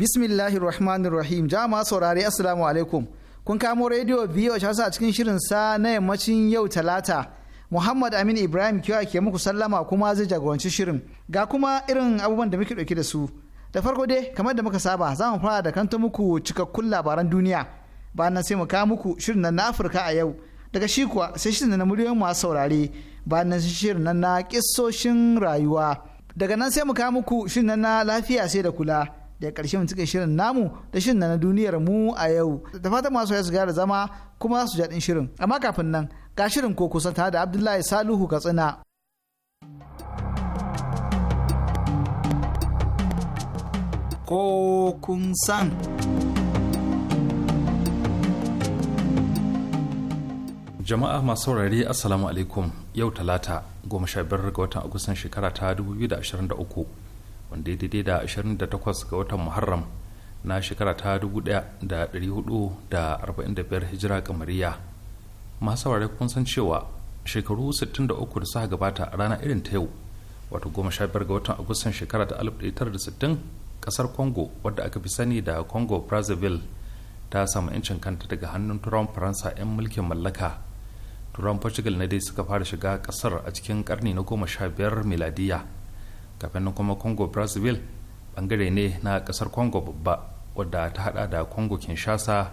bismillahirrahmanirrahim rahmanir ma saurari assalamu alaikum kun kamo rediyo biyu a cikin shirin sa na yammacin yau talata muhammad amin ibrahim kiwa ke muku sallama kuma zai jagoranci shirin ga kuma irin abubuwan da muke dauke da su da farko dai kamar da muka saba za mu fara da kanta muku cikakkun labaran duniya bayan nan sai mu kawo muku shirin nan na afirka a yau daga shi kuwa sai shirin na muryoyin masu saurare bayan nan shirin nan na kissoshin rayuwa daga nan sai mu kawo muku shirin na lafiya sai da kula da karshe mun cika shirin namu da shirin na duniyar mu a yau da fatan masu ya su da zama kuma za su jaɗin shirin amma kafin nan ga shirin ko kusa tare da abdullahi saluhu katsina ko kun san jama'a masu saurari assalamu alaikum yau talata goma sha biyar ga watan agustan shekara ta 2023 wanda ya daidai da 28 ga watan muharram na shekara ta 1445 hijira kamariya masu saurari kun san cewa shekaru 63 da suka gabata a rana irin ta yau wato 15 ga watan agustan shekara ta 1960 kasar congo wadda aka fi sani da congo brazzaville ta samu 'yancin kanta daga hannun turawan faransa 'yan mulkin mallaka turawan portugal na dai suka fara shiga kasar a cikin karni na 15 miladiya kafin kuma congo brazzaville bangare ne na kasar congo babba wadda ta hada da congo kinshasa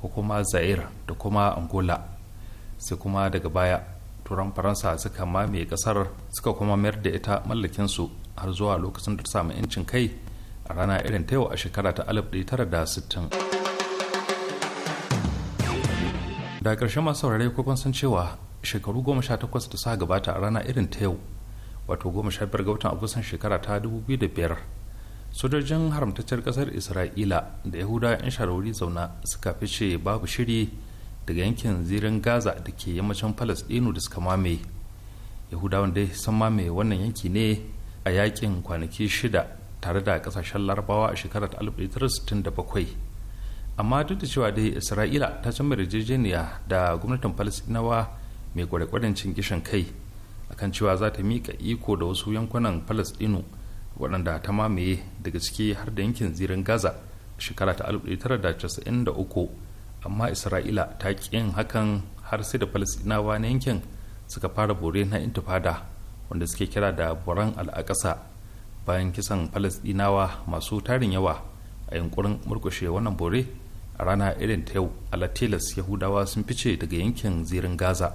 ko kuma zaire da kuma angola sai kuma daga baya turan faransa suka mame kasar suka kuma mayar da ita mallakinsu har zuwa lokacin da ta samu 'yancin kai a rana irin ta yau a shekara ta 1960 da ƙarshen masu saurare ko kun san cewa shekaru goma sha takwas da suka gabata a rana irin ta yau wato goma sha biyar ga watan agustan shekara ta dubu biyu da biyar sojojin haramtacciyar kasar isra'ila da yahuda yan shawarwari zauna suka fice babu shiri daga yankin zirin gaza da ke yammacin palestino da suka mamaye wanda ya sun mamaye wannan yanki ne a yakin kwanaki shida tare da kasashen larabawa a shekarar 1967 amma duk da cewa dai isra'ila ta cimma yarjejeniya da gwamnatin palestinawa mai kwarekwaren cin gishin kai akan cewa za ta miƙa iko da wasu yankunan palestino waɗanda ta mamaye daga ciki har da yankin zirin gaza shekara ta 1993 amma isra'ila ta kin hakan har sai da palestinawa na yankin suka fara bore na intifada wanda suke kira da boran al'akasa bayan kisan palestinawa masu tarin yawa a yankurin murkushe wannan bore a rana irin ta yau alatilas yahudawa sun fice daga yankin zirin gaza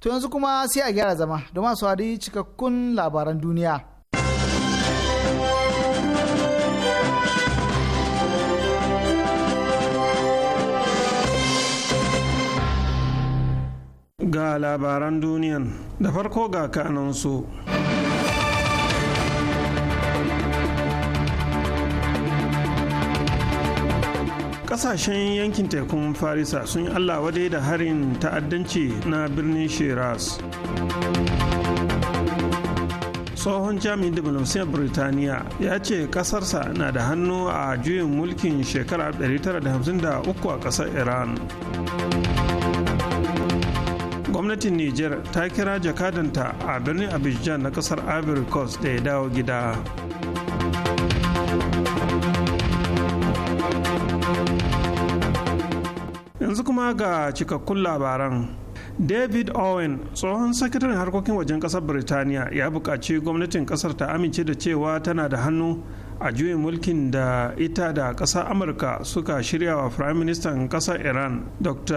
To yanzu kuma sai a gyara zama da masu hadi cikakkun labaran duniya. Ga labaran duniyan da farko ga kanansu. kasashen yankin tekun farisa sun yi allah wadai da harin ta'addanci na birnin shiraz tsohon jami'in diplomasiyar birtaniya ya ce kasarsa na da hannu a juyin mulkin shekara 1953 a kasar iran gwamnatin niger ta kira jakadanta a birnin abidjan na kasar ivory coast da ya dawo gida yanzu kuma ga cikakkun labaran david owen tsohon sakataren harkokin wajen kasar birtaniya ya buƙaci gwamnatin kasar ta amince da cewa tana da hannu a juyin mulkin da ita da ƙasar amurka suka shirya wa firayim ministan ƙasar iran dr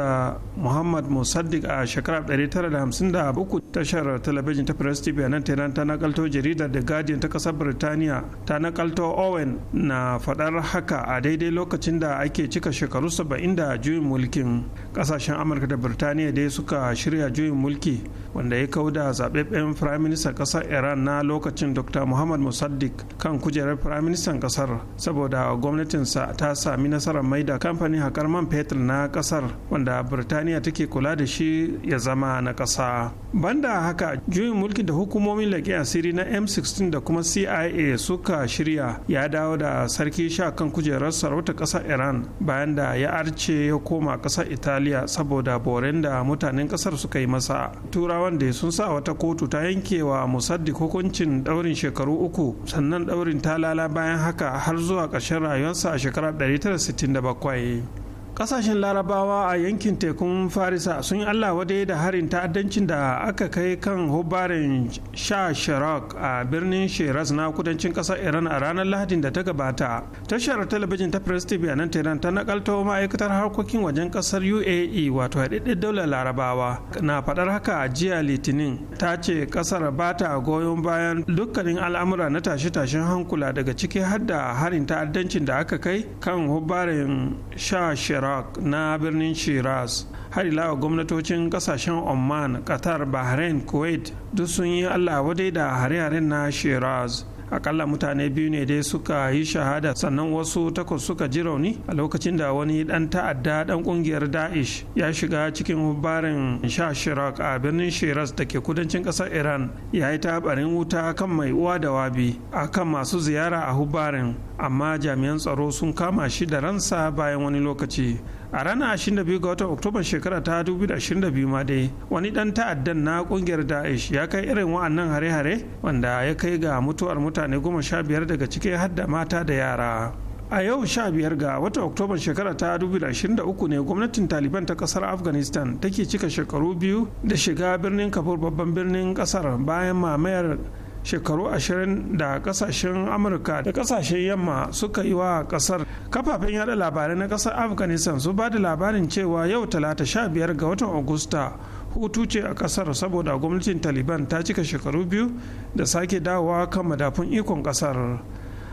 muhammad musaddiq a shekarar 1953 tashar talabijin ta press tv nan tehran ta nakalto jaridar the guardian ta ƙasar birtaniya ta nakalto owen na faɗar haka a daidai lokacin da ake cika shekaru 70 da juyin mulkin kasashen amurka da birtaniya dai suka shirya juyin mulki wanda ya da zaɓaɓɓen firaministan ƙasar iran na lokacin dr muhammad musaddiq kan kujerar firaministan ƙasar saboda gwamnatinsa ta sami nasarar mai da kamfanin haƙar man fetur na ƙasar wanda birtaniya take kula da shi ya zama na ƙasa banda haka juyin mulki da hukumomin laƙi asiri na m16 da kuma cia suka shirya ya dawo da sarki sha kan kujerar sarauta ƙasar iran bayan da ya arce ya koma ƙasar italiya somaliya saboda boren da mutanen kasar suka yi masa turawan da sun sa wata kotu ta yankewa musaddi hukuncin daurin shekaru uku sannan daurin talala bayan haka har zuwa ƙarshen rayuwarsa a shekarar 1967 kasashen larabawa a yankin tekun farisa sun yi allah wadai da harin ta'addancin da aka kai kan hubarin sha shirak a birnin shiraz na kudancin kasar iran a ranar lahadin da ta gabata tashar talabijin ta press tv a nan tehran ta nakalto ma'aikatar harkokin wajen kasar uae wato haɗaɗɗen daular larabawa na faɗar haka a jiya litinin ta ce kasar ba ta goyon bayan dukkanin al'amura na tashe-tashen hankula daga ciki har da harin ta'addancin da aka kai kan hubarin sha shirak iraq na birnin shiraz har ila gwamnatocin kasashen oman qatar bahrain kuwait duk sun yi allah wadai da hare-haren na shiraz akalla mutane biyu ne dai suka yi shahada sannan wasu takwas suka ji rauni a lokacin da wani dan ta'adda dan kungiyar da'ish ya shiga cikin sha shirak a birnin shiraz da ke kudancin kasar iran ya yi tabarin wuta kan mai uwa da wabi a kan masu ziyara a hubarin amma jami'an tsaro sun kama shi da ransa bayan wani lokaci a ranar 22 ga watan oktoban shekara ta 2022 ma dai wani dan ta'addan na kungiyar daesh ya kai irin wa'annan hare-hare wanda ya kai ga mutuwar mutane goma sha biyar daga ciki har mata da yara a yau sha biyar ga watan oktoban shekara ta 2023 ne gwamnatin taliban ta kasar afghanistan take cika shekaru biyu da shiga birnin kabul babban birnin kasar bayan mamayar shekaru ashirin da kasashen amurka da kasashen yamma suka yi wa kasar kafafen yada labarai na kasar afghanistan su ba da labarin cewa yau talata sha biyar ga watan agusta hutu ce a kasar saboda gwamnatin taliban ta cika shekaru biyu da sake dawowa kan madafun ikon kasar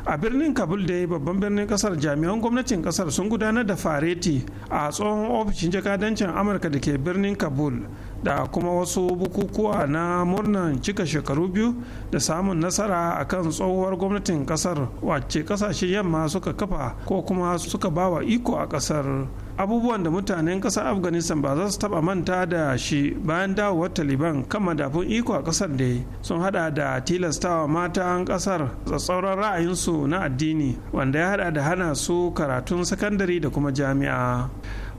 a birnin kabul da babban birnin kasar jami'an gwamnatin kasar sun gudanar da fareti a tsohon ofishin jakadancin amurka da ke birnin kabul da kuma wasu bukukuwa na murnan cika shekaru biyu da samun nasara a kan tsohuwar gwamnatin kasar wacce kasashen yamma suka kafa ko kuma suka bawa iko a kasar abubuwan da mutanen kasar afghanistan ba za su taba manta da shi bayan dawowar taliban kan madafun iko a kasar da sun hada da tilastawa matan kasar tsatsauran ra'ayinsu na addini wanda ya hada da hana su karatun sakandare da kuma jami'a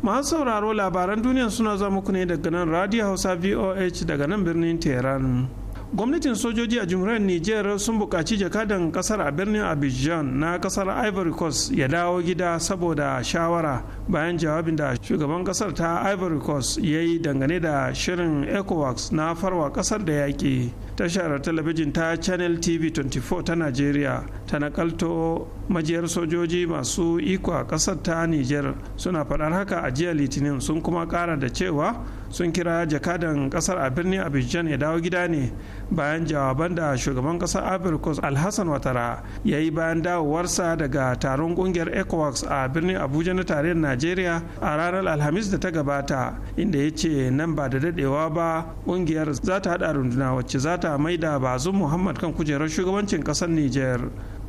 masu sauraro labaran duniya suna zama muku ne daga nan radio hausa voh daga nan birnin tehran gwamnatin sojoji a jumhuriyar niger sun buƙaci jakadan ƙasar a birnin abidjan na ƙasar ivory coast ya dawo gida saboda shawara bayan jawabin da shugaban ƙasar ta ivory coast ya yi dangane da shirin ecowax na farwa ƙasar da yaƙi tashar talabijin ta channel tv 24 ta nigeria ta nakalto majiyar sojoji masu iko a ƙasar ta niger suna faɗar haka a jiya litinin sun kuma ƙara da cewa sun kira jakadan kasar a birnin abidjan ya dawo gida ne bayan jawaban da shugaban kasar abirkos alhassan watara ya yi bayan dawowarsa daga taron kungiyar ecowas a birnin abuja na tarayyar najeriya a ranar alhamis da ta gabata inda ya ce nan ba da dadewa ba kungiyar za ta hada runduna wacce za ta maida bazu muhammad kan kujerar shugabancin kasar niger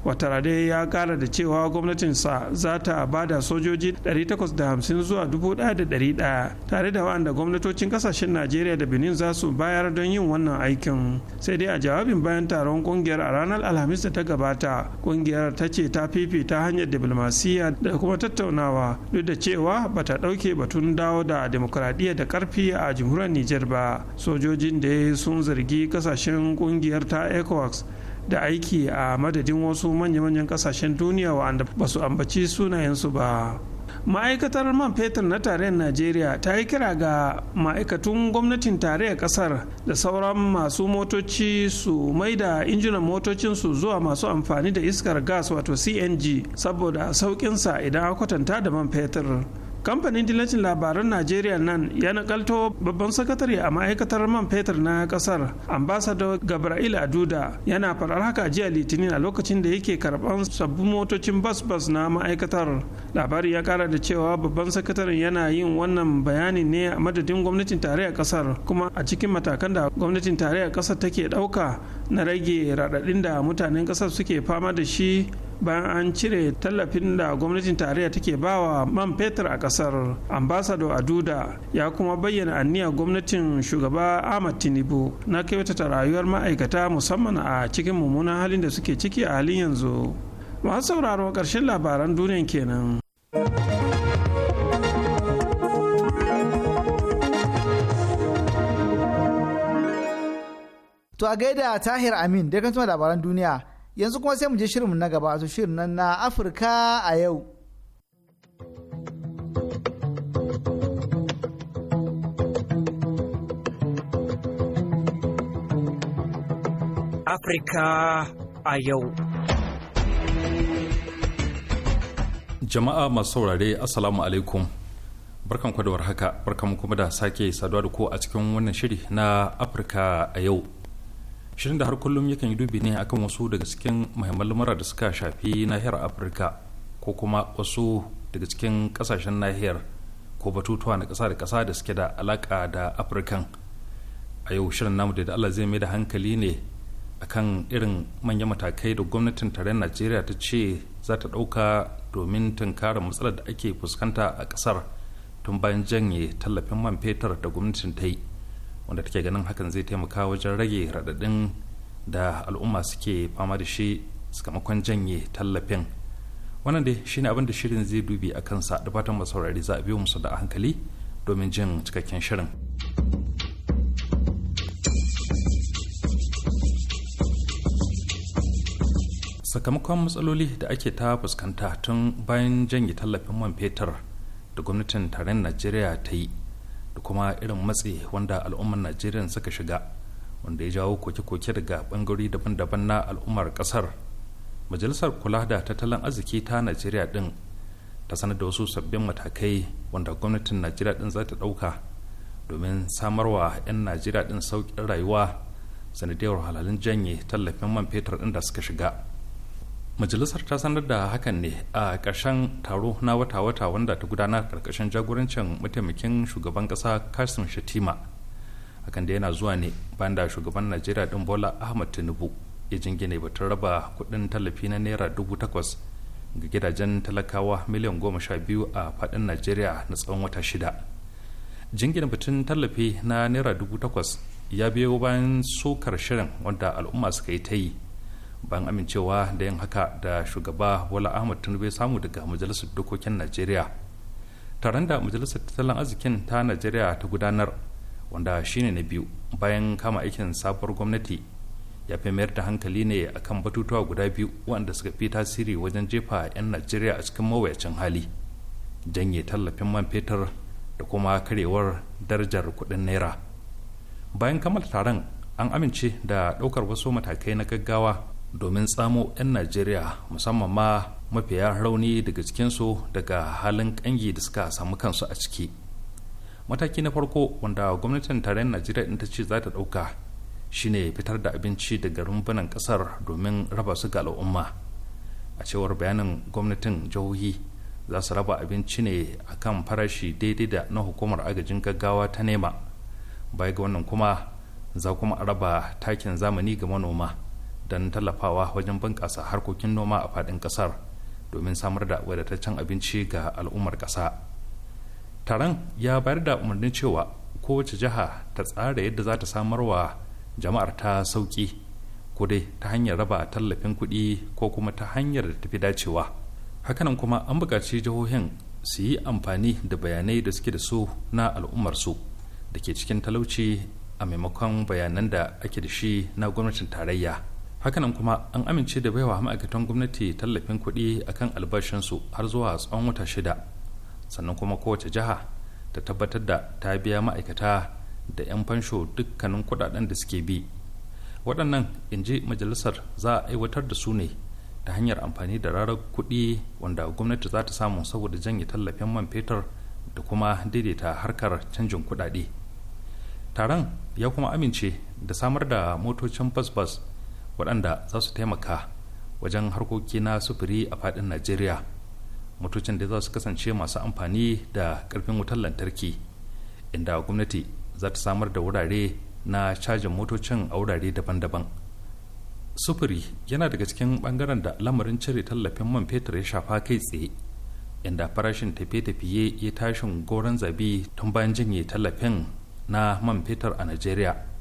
watarade ya kara da cewa gwamnatinsa za ta ba da sojoji 850 zuwa 1,100 tare da waɗanda gwamnatocin kasashen najeriya da benin za su bayar don yin wannan aikin sai dai a jawabin bayan taron kungiyar a ranar alhamis da ta gabata kungiyar ta ce ta ta hanyar diplomasiya da kuma tattaunawa duk da cewa ba ta ɗauke batun dawo da demokuraɗiyya da karfi a jamhuriyar niger ba sojojin da sun zargi kasashen kungiyar ta ecowas da aiki a madadin wasu manya-manyan kasashen duniya wa'anda ba su ambaci sunayensu ba ma'aikatar man fetur na tarayyar najeriya ta yi kira ga ma'aikatun gwamnatin tarayyar kasar da sauran masu motoci su maida injinan motocinsu zuwa masu amfani da iskar gas wato cng saboda sauƙinsa idan kwatanta da man fetur kamfanin dillacin labaran najeriya nan ya nakalto babban sakatare a ma'aikatar man fetur na kasar ambassador gabriel aduda yana farar haka jiya litinin a lokacin da yake karban sabbin motocin bas-bas na ma'aikatar labari ya kara da cewa babban sakataren yana yin wannan bayani ne a madadin gwamnatin tarayyar kasar kuma a cikin matakan da gwamnatin tarayyar kasar take dauka na rage radadin da mutanen kasar suke fama da shi bayan an cire tallafin da gwamnatin tarayya take bawa man fetur a kasar ambasado aduda ya kuma bayyana aniyar gwamnatin shugaba ahmad tinubu na kyautata rayuwar ma'aikata musamman a cikin mummunan halin da suke ciki a halin yanzu masu sauraro ƙarshen labaran duniyan kenan. To a gaida Tahir Amin da kan labaran duniya yanzu kuma sai mu je shirinmu na gaba wato shirin nan na afirka a yau afirka a yau jama'a masu saurare asalamu alaikum barkan da haka barkan kuma da sake saduwa da ku a cikin wannan shiri na afirka a yau shirin da har kullum yakan yi dubi ne akan wasu daga cikin muhimman lamura da suka shafi nahiyar afirka ko kuma wasu daga cikin kasashen nahiyar ko batutuwa na kasa da kasa da suke da alaƙa da afirkan a yau shirin namu da allah zai mai da hankali ne akan irin manyan matakai da gwamnatin tarayyar najeriya ta ce za ta ɗauka domin tunkara matsalar da ake fuskanta a ƙasar tun bayan janye tallafin man fetur da gwamnatin ta yi wanda take ganin hakan zai taimaka wajen rage raɗaɗin da al'umma suke fama da shi sakamakon janye tallafin wannan dai shine abin da shirin zai dubi a kansa da fatan saurari za a biyo musu da hankali domin jin cikakken shirin. sakamakon matsaloli da ake ta fuskanta tun bayan janye tallafin man fetur da gwamnatin taron najeriya ta yi da kuma irin matsi wanda al'ummar najeriya suka shiga wanda ya jawo koke-koke daga bangarori daban-daban na al'ummar kasar majalisar kula da tattalin arziki ta najeriya din ta sanar da wasu sabbin matakai wanda gwamnatin najeriya din za ta dauka domin samarwa 'yan najeriya din sauƙin rayuwa sanadiyar halalin janye tallafin man fetur din da suka shiga majalisar ta sanar da hakan ne a ƙarshen taro na wata-wata wanda ta gudana ƙarƙashin jagorancin mataimakin shugaban ƙasa kasim shatima hakan da yana zuwa ne bayan da shugaban najeriya ɗin bola ahmad tinubu ya jingine batun raba kuɗin tallafi na naira dubu takwas ga gidajen talakawa miliyan goma sha biyu a faɗin najeriya na tsawon wata shida jingina batun tallafi na naira dubu takwas ya biyo bayan sukar shirin wanda al'umma suka yi ta yi bayan amincewa da yin haka da shugaba wala ahmad tinubu samu daga majalisar dokokin najeriya taron da majalisar tattalin arzikin ta najeriya ta gudanar wanda shine na biyu bayan kama aikin sabuwar gwamnati ya fi mayar da hankali ne a kan batutuwa guda biyu waɗanda suka fi tasiri wajen jefa 'yan najeriya a cikin mawuyacin hali janye tallafin man fetur da kuma karewar darajar kuɗin naira bayan kammala taron an amince da ɗaukar wasu matakai na gaggawa domin tsamo 'yan najeriya musamman ma mafiya rauni daga cikinsu daga halin kangi da suka samu kansu a ciki mataki na farko wanda gwamnatin tarayyar najeriya in ta ce za ta ɗauka shine fitar da abinci daga rumbunan ƙasar domin raba su ga al'umma a cewar bayanin gwamnatin jihohi za su raba abinci ne a kan farashi daidai da na hukumar agajin gaggawa ta nema baya ga wannan kuma za kuma a raba takin zamani ga manoma don tallafawa wajen bunƙasa harkokin noma a faɗin ƙasar domin samar da wadataccen abinci ga al'ummar ƙasa taron ya bayar da umarnin cewa kowace jiha ta tsara yadda za ta samar wa jama'ar ta sauƙi ko dai ta hanyar raba tallafin kuɗi ko kuma ta hanyar da tafi dacewa hakanan kuma an buƙaci jihohin su yi amfani da bayanai da suke da su na al'ummarsu da ke cikin talauci a maimakon bayanan da ake da shi na gwamnatin tarayya hakanan kuma an amince da baiwa ma'aikatan gwamnati tallafin kuɗi akan albashinsu har zuwa tsawon wata shida sannan kuma kowace jiha ta tabbatar da ta biya ma'aikata da 'yan fansho dukkanin kuɗaɗen da suke bi waɗannan in ji majalisar za a aiwatar da su ne ta hanyar amfani da rarar kuɗi wanda gwamnati za ta samu saboda janye tallafin man fetur da kuma daidaita harkar canjin kuɗaɗe taron ya kuma amince da samar da motocin bas-bas waɗanda za su taimaka wajen harkoki na sufuri a faɗin najeriya motocin da za su kasance masu amfani da ƙarfin wutar lantarki inda gwamnati za ta samar da wurare na cajin motocin a wurare daban-daban sufuri yana daga cikin ɓangaren da lamarin cire tallafin man fetur ya shafa kai tsaye inda farashin tafiye-tafiye ya tashin goron zabi tun bayan jinye tallafin na man fetur a najeriya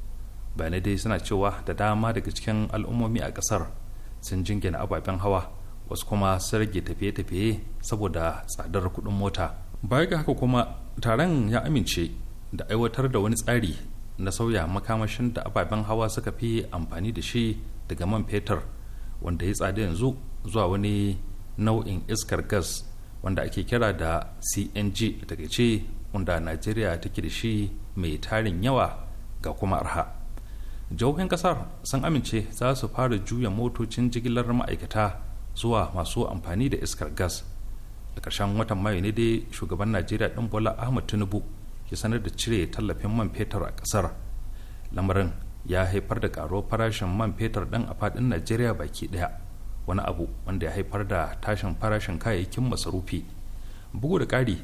bayanai dai suna cewa da dama daga cikin al'ummomi a kasar sun jingina ababen hawa wasu kuma sun rage tafiye-tafiye saboda tsadar kuɗin mota baya ga haka kuma taron ya amince da aiwatar da wani tsari na sauya makamashin da ababen hawa suka fi amfani da shi daga man fetur wanda ya tsada yanzu zuwa wani nau'in iskar gas wanda ake kira da cng daga ce wanda najeriya take da shi mai tarin yawa ga kuma arha jihohin kasar sun amince za su fara juya motocin jigilar ma'aikata zuwa masu amfani da iskar gas a ƙarshen watan mayu ne dai shugaban najeriya ɗin bola ahmad tinubu ya sanar da cire tallafin man fetur a ƙasar lamarin ya haifar da ƙaruwar farashin man fetur ɗin a faɗin najeriya baki ɗaya wani abu wanda ya haifar da tashin farashin kayayyakin masarufi bugu da ƙari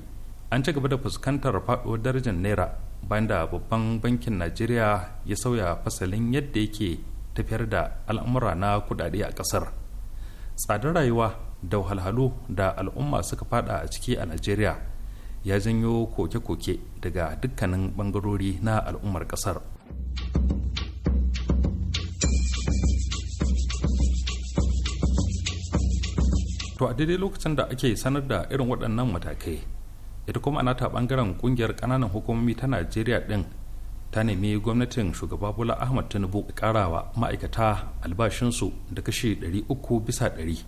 an ci gaba da fuskantar faɗuwar darajar naira bayan da babban bankin najeriya ya sauya fasalin yadda yake tafiyar da al'amura na kudade a kasar tsadar rayuwa da wahalhalu da al'umma suka fada a ciki a najeriya ya janyo koke-koke daga dukkanin bangarori na al'ummar kasar to a daidai lokacin da ake sanar da irin waɗannan matakai ita kuma anata bangaren kungiyar kananan hukumomi ta najeriya din ta nemi gwamnatin shugaba bola ahmad tinubu karawa ma'aikata albashinsu da kashe 300 bisa 100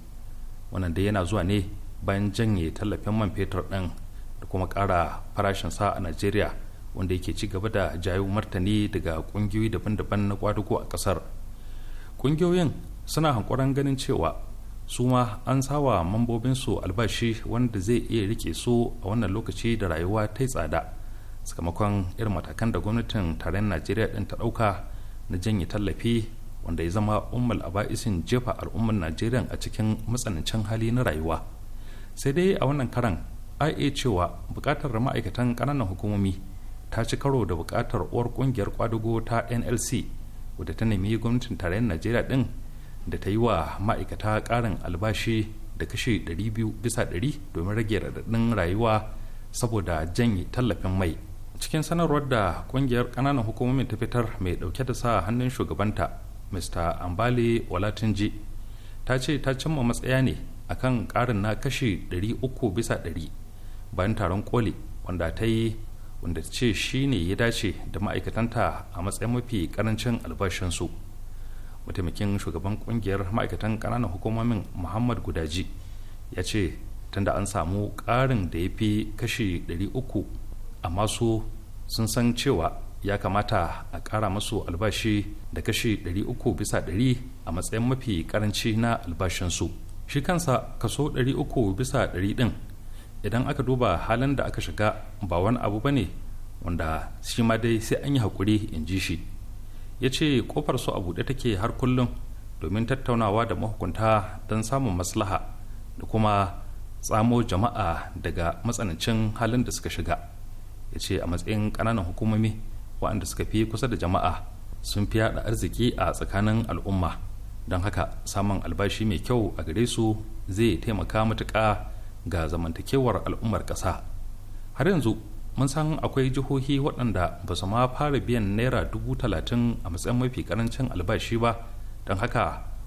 wannan da yana zuwa ne bayan janye tallafin man fetur din da kuma kara farashin sa a najeriya wanda yake ci gaba da jayo martani daga kungiyoyi daban-daban na kwadugo a kasar kungiyoyin suna hankuran ganin cewa su ma an sawa mambobinsu albashi wanda zai iya rike su a wannan lokaci da rayuwa ta tsada sakamakon irin matakan da gwamnatin tarayyar najeriya din ta ɗauka na janye tallafi wanda ya zama ummal aba'isin jefa al'ummar najeriya a cikin matsanancin hali na rayuwa sai dai a wannan karan a iya cewa da ma'aikatan ƙananan hukumomi ta ci karo da bukatar uwar kungiyar kwadugo ta nlc wadda ta nemi gwamnatin tarayyar najeriya ɗin da ta yi wa ma'aikata ƙarin albashi da kashe 200 bisa 100 domin rage raɗaɗin rayuwa saboda janye tallafin mai cikin sanarwar da kungiyar ƙananan hukumomin ta fitar mai ɗauke da sa hannun shugabanta mr ambale walatinji ta ce ta cimma matsaya ne akan ƙarin na kashe 300 bisa 100 bayan taron koli wanda ta yi wanda ce shi ne ya dace da ma'aikatanta a matsayin mafi ƙarancin albashinsu. su mataimakin shugaban kungiyar ma'aikatan ƙananan hukumomin muhammad gudaji ya ce tunda an samu ƙarin da ya fi kashi 300 amma su sun san cewa ya kamata a ƙara masu albashi da kashi 300 bisa 100 a matsayin mafi karanci na albashinsu shi kansa kaso 300 bisa 100 ɗin idan aka duba halin da aka shiga ba wani abu ba ne wanda shi ma dai sai an yi hakuri in ji shi ya ce kofar su a buɗe take har kullum domin tattaunawa da mahukunta don samun maslaha da kuma tsamo jama'a daga matsanancin halin da suka shiga ya ce a matsayin ƙananan hukumomi waɗanda suka fi kusa da jama'a sun fi yaɗa arziki a tsakanin al'umma don haka samun albashi mai kyau a gare su zai taimaka matuƙa ga zamantakewar al'ummar ƙasa har yanzu mun san akwai jihohi waɗanda ba su ma fara biyan naira dubu talatin a matsayin mafi karancin albashi ba don haka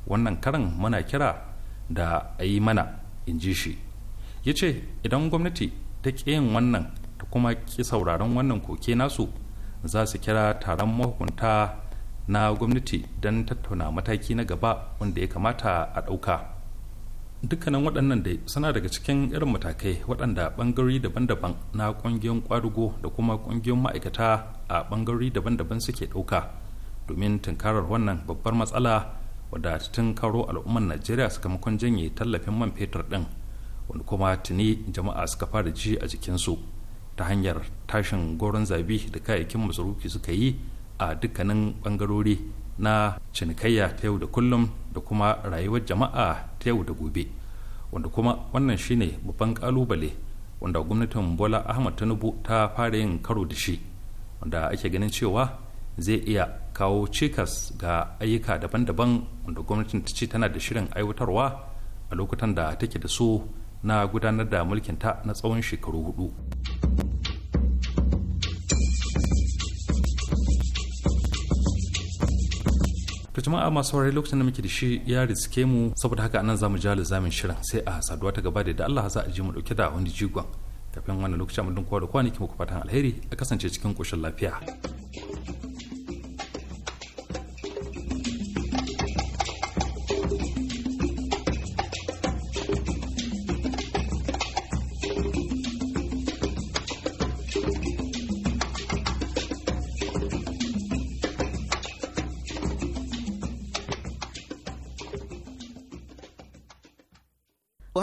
wannan karan muna kira da a yi mana in ji shi ya ce idan gwamnati ta yin wannan ta kuma ƙi sauraron wannan koke nasu za su kira taron mahukunta na gwamnati don tattauna mataki na gaba wanda ya kamata a ɗauka. dukkanin waɗannan dai suna daga cikin irin matakai waɗanda ɓangarori daban-daban na ƙungiyoyin ƙwadugo da kuma ƙungiyoyin ma'aikata a ɓangarori daban-daban suke ɗauka domin tunkarar wannan babbar matsala wadda tun karo al'ummar najeriya sakamakon janye tallafin man fetur ɗin wani kuma tuni jama'a suka fara ji a jikinsu ta hanyar tashin goron zabi da kayayyakin masarufi suka yi a dukkanin ɓangarori na cinikayya ta yau da kullum da kuma rayuwar jama'a ta yau da gobe wanda kuma wannan shine babban kalubale wanda gwamnatin bola ahmad tinubu ta fara yin karo da shi wanda ake ganin cewa zai iya kawo cikas ga ayyuka daban-daban wanda gwamnatin ta ce tana da shirin aiwatarwa a lokutan da take da so na gudanar da mulkinta na tsawon shekaru hudu. jama'a masu saurari lokacin da muke da shi ya riske mu saboda haka anan zamu ja zamin shirin sai a saduwa ta gaba da Allah za a ji mu dauke da wani jigon kafin wannan lokacin mun dun kowa da kwanaki muku fatan alheri a kasance cikin koshin lafiya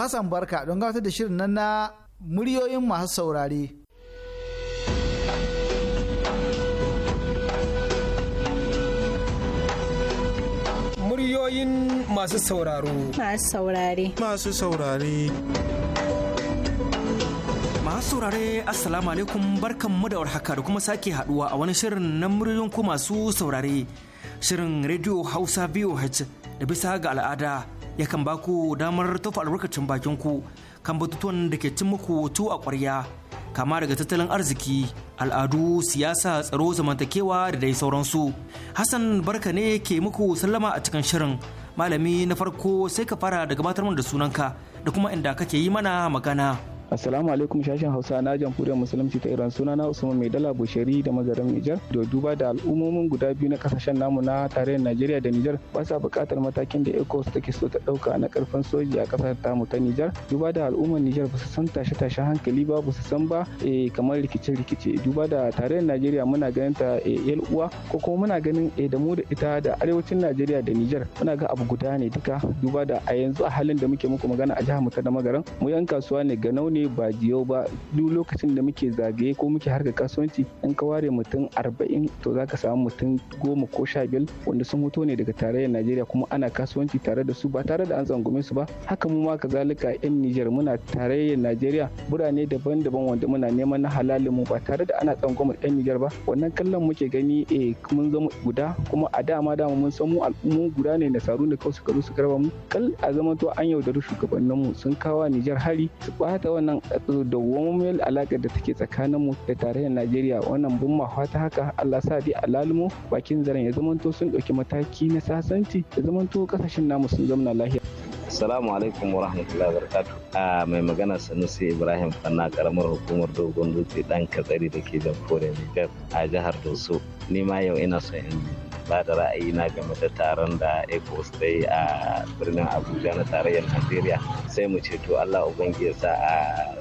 Hassan Barka don gabatar da shirin nan na muryoyin masu saurare. Muryoyin masu sauraro. Masu saurare. Masu saurare. masu saurare assalamu alaikum barkan mu da warhaka da kuma sake haduwa a wani shirin na muryoyin ku masu saurare shirin radio hausa voh da bisa ga al'ada yakan ba ku damar tofa albarkacin bakin ku kan batutuwan da ke cin muku tu a ƙwarya kama daga tattalin arziki al'adu siyasa tsaro zamantakewa da dai sauransu hassan barka ne ke muku sallama a cikin shirin malami na farko sai ka fara da gabatar da sunanka da kuma inda kake yi mana magana. Assalamu alaikum shashin Hausa na jamhuriyar musulunci ta Iran sunana Usman Mai Dala Bushari da Mazarin Nijar da duba da al'ummomin guda biyu na kasashen namu na tarayyar Najeriya da Nijar ba sa buƙatar matakin da ECOWAS take so ta ɗauka na karfin soji a kasar tamu ta Nijar duba da al'ummar Nijar ba su san tashe tashe hankali ba ba su san ba eh, kamar rikice-rikice duba da tarayyar Najeriya muna ganin ta eh, yan uwa ko kuma muna ganin eh, da mu da ita da arewacin Najeriya da Nijar muna ga abu guda ne duka duba da a yanzu a halin da muke muku magana a jihar mu ta da magaran mu yan kasuwa ne ga nauni ne ba jiyau ba duk lokacin da muke zagaye ko muke harka kasuwanci in ka ware mutum arba'in to za samu mutum goma ko sha biyar wanda sun hoto ne daga tarayyar najeriya kuma ana kasuwanci tare da su ba tare da an tsangume su ba haka mu ma kazalika yan nijar muna tarayyar najeriya birane daban-daban wanda muna neman na halalin mu ba tare da ana tsangwamar yan nijar ba wannan kallon muke gani e mun zama guda kuma a dama dama mun san mu al'ummu guda ne na saru da kawai suka zo su karba mu kal a zamanto an yaudari shugabanninmu sun kawa nijar hari su bata wannan wannan dawwammamiyar alaƙa da take tsakanin mu da tarayyar Najeriya wannan bin ta haka Allah sa bi alalmu bakin zaren ya zamanto sun ɗauki mataki na sasanci ya zamanto kasashen namu sun zamana lahiya. Assalamu alaikum wa wabarakatuh. A mai magana Sanusi Ibrahim Fanna karamar hukumar Dogon Dutse dan Katsari da ke jamhuriyar Nijar a jihar Doso. Ni ma yau ina son in ba da na game da taron da ecos dai a birnin abuja na tarayyar najeriya sai mu ce to allah ubangi ya sa a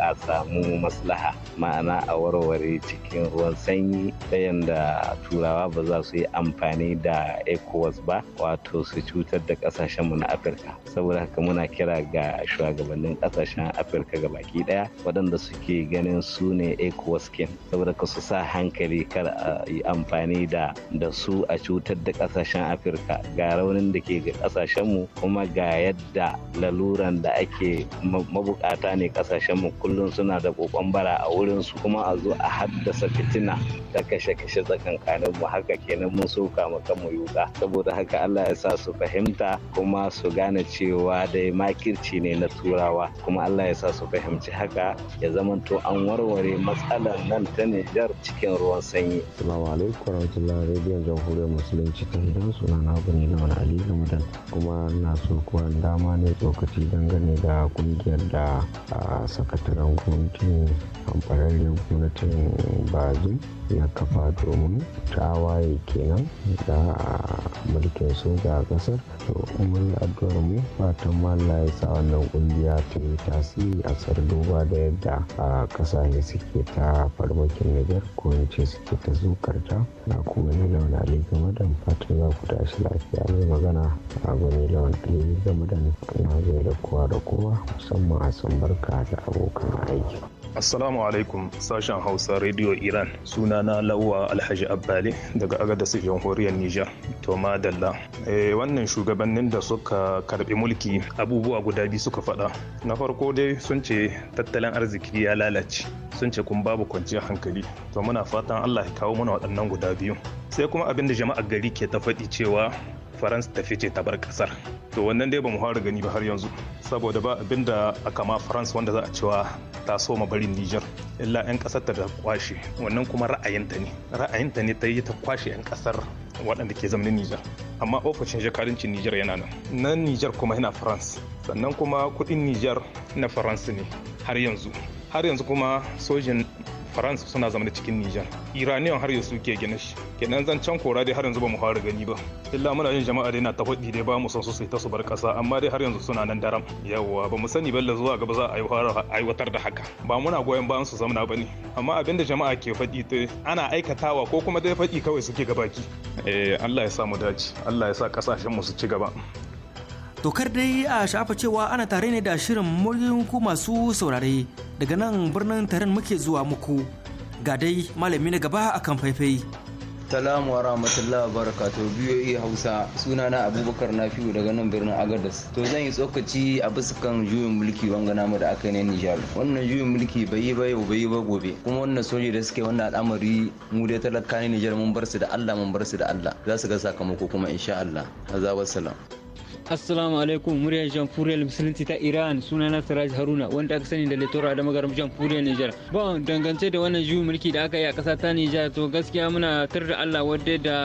a samu maslaha ma'ana a warware cikin ruwan sanyi ta yadda turawa ba za su yi amfani da ecowas ba wato su cutar da kasashenmu na afirka saboda haka muna kira ga shugabannin kasashen afirka ga baki daya waɗanda suke ganin su ne ecowas kin saboda ka su sa hankali kar a yi amfani da da su a cutar da kasashen afirka ga raunin da ke ga kasashenmu kuma ga yadda laluran da ake mabukata ne kasashenmu samu kullum suna da kokon bara a wurin su kuma a zo a haddasa fitina ta kashe-kashe tsakankanin mu haka kenan mun soka mu kan mu yuka saboda haka Allah ya sa su fahimta kuma su gane cewa dai makirci ne na turawa kuma Allah ya sa su fahimci haka ya zamanto an warware matsalar nan ta Nijar cikin ruwan sanyi. Assalamu alaikum warahmatullahi rediyon jamhuriyar musulunci ta Iran suna na wani Ali Gamadan kuma na so kuwa dama ne tsokaci dangane da kungiyar da ah, saka sakataren gwamnatin hambararriyar gwamnatin bazum ya kafa domin tawaye kenan da mulkin soja a kasar umarni addu'ar mu fatan Allah ya sa wannan kungiya ta yi tasiri a tsar duba da yadda a kasashe suke ta farmakin Niger ko in ce suke ta zukarta na kuma da wani Ali game da fatan za ku tashi lafiya mai magana a gwani lawan Ali game da na zai da kowa da kowa musamman a sun barka da abokan aiki. Assalamu alaikum sashen Hausa Radio Iran sunana Lawwa Alhaji Abbali daga Agadas Jamhuriyar Nijar to madalla e wannan shugabannin da suka karbi mulki abubuwa guda biyu suka faɗa na farko dai sun ce tattalin arziki ya lalace sun ce kun babu kwanciyar hankali to muna fatan Allah ya kawo mana waɗannan guda biyu sai kuma abin da jama'ar gari ke ta faɗi cewa faransa ta fice ta bar kasar to wannan dai ba mu fara gani ba har yanzu saboda ba abin da aka ma faransa wanda za a cewa ta so ma barin niger illa 'yan kasar ta da kwashe wannan kuma ra'ayinta ne ra'ayinta ne ta yi ta kwashe 'yan kasar waɗanda ke zamanin niger amma ofishin jakadancin niger yana nan nan niger kuma yana faransa sannan kuma kuɗin niger na faransa ne har yanzu har yanzu kuma sojin faransa suna zama cikin nijar iraniyan har yanzu ke gina shi kenan can kora dai har yanzu ba mu fara gani ba illa muna yin jama'a dai na ta faɗi dai ba mu son su sai ta su bar kasa amma dai har yanzu suna nan daram Yawwa ba mu sani balla zuwa gaba za a aiwatar da haka ba muna goyon bayan su zamana ba ne. amma abin da jama'a ke faɗi to ana aikatawa ko kuma dai faɗi kawai suke gabaki eh Allah ya sa mu dace Allah ya sa kasashen mu su ci gaba Tokar dai a shafa cewa ana tare ne da shirin muryin ku masu saurare daga nan birnin taron muke zuwa muku ga dai malami na gaba akan faifai. Salamu wa rahmatullah wa barakatu biyoyi Hausa sunana Abubakar Nafi'u daga nan birnin Agadas. To zan yi tsokaci a bisa kan juyin mulki wanga namu da aka yi na Nijar. Wannan juyin mulki bai yi ba bai ba gobe. Kuma wannan soji da suke wannan al'amari mu dai talaka ne Nijar mun bar su da Allah mun bar su da Allah. Za su ga sakamako kuma insha Allah. azabar salam. assalamu alaikum muryar jamhuriyar musulunci ta iran suna na siraj haruna wanda aka sani da litora da magaram jamhuriyar nijar ba dangance da wannan juyin mulki da aka yi a kasa ta nijar to gaskiya muna tar da allah wadda da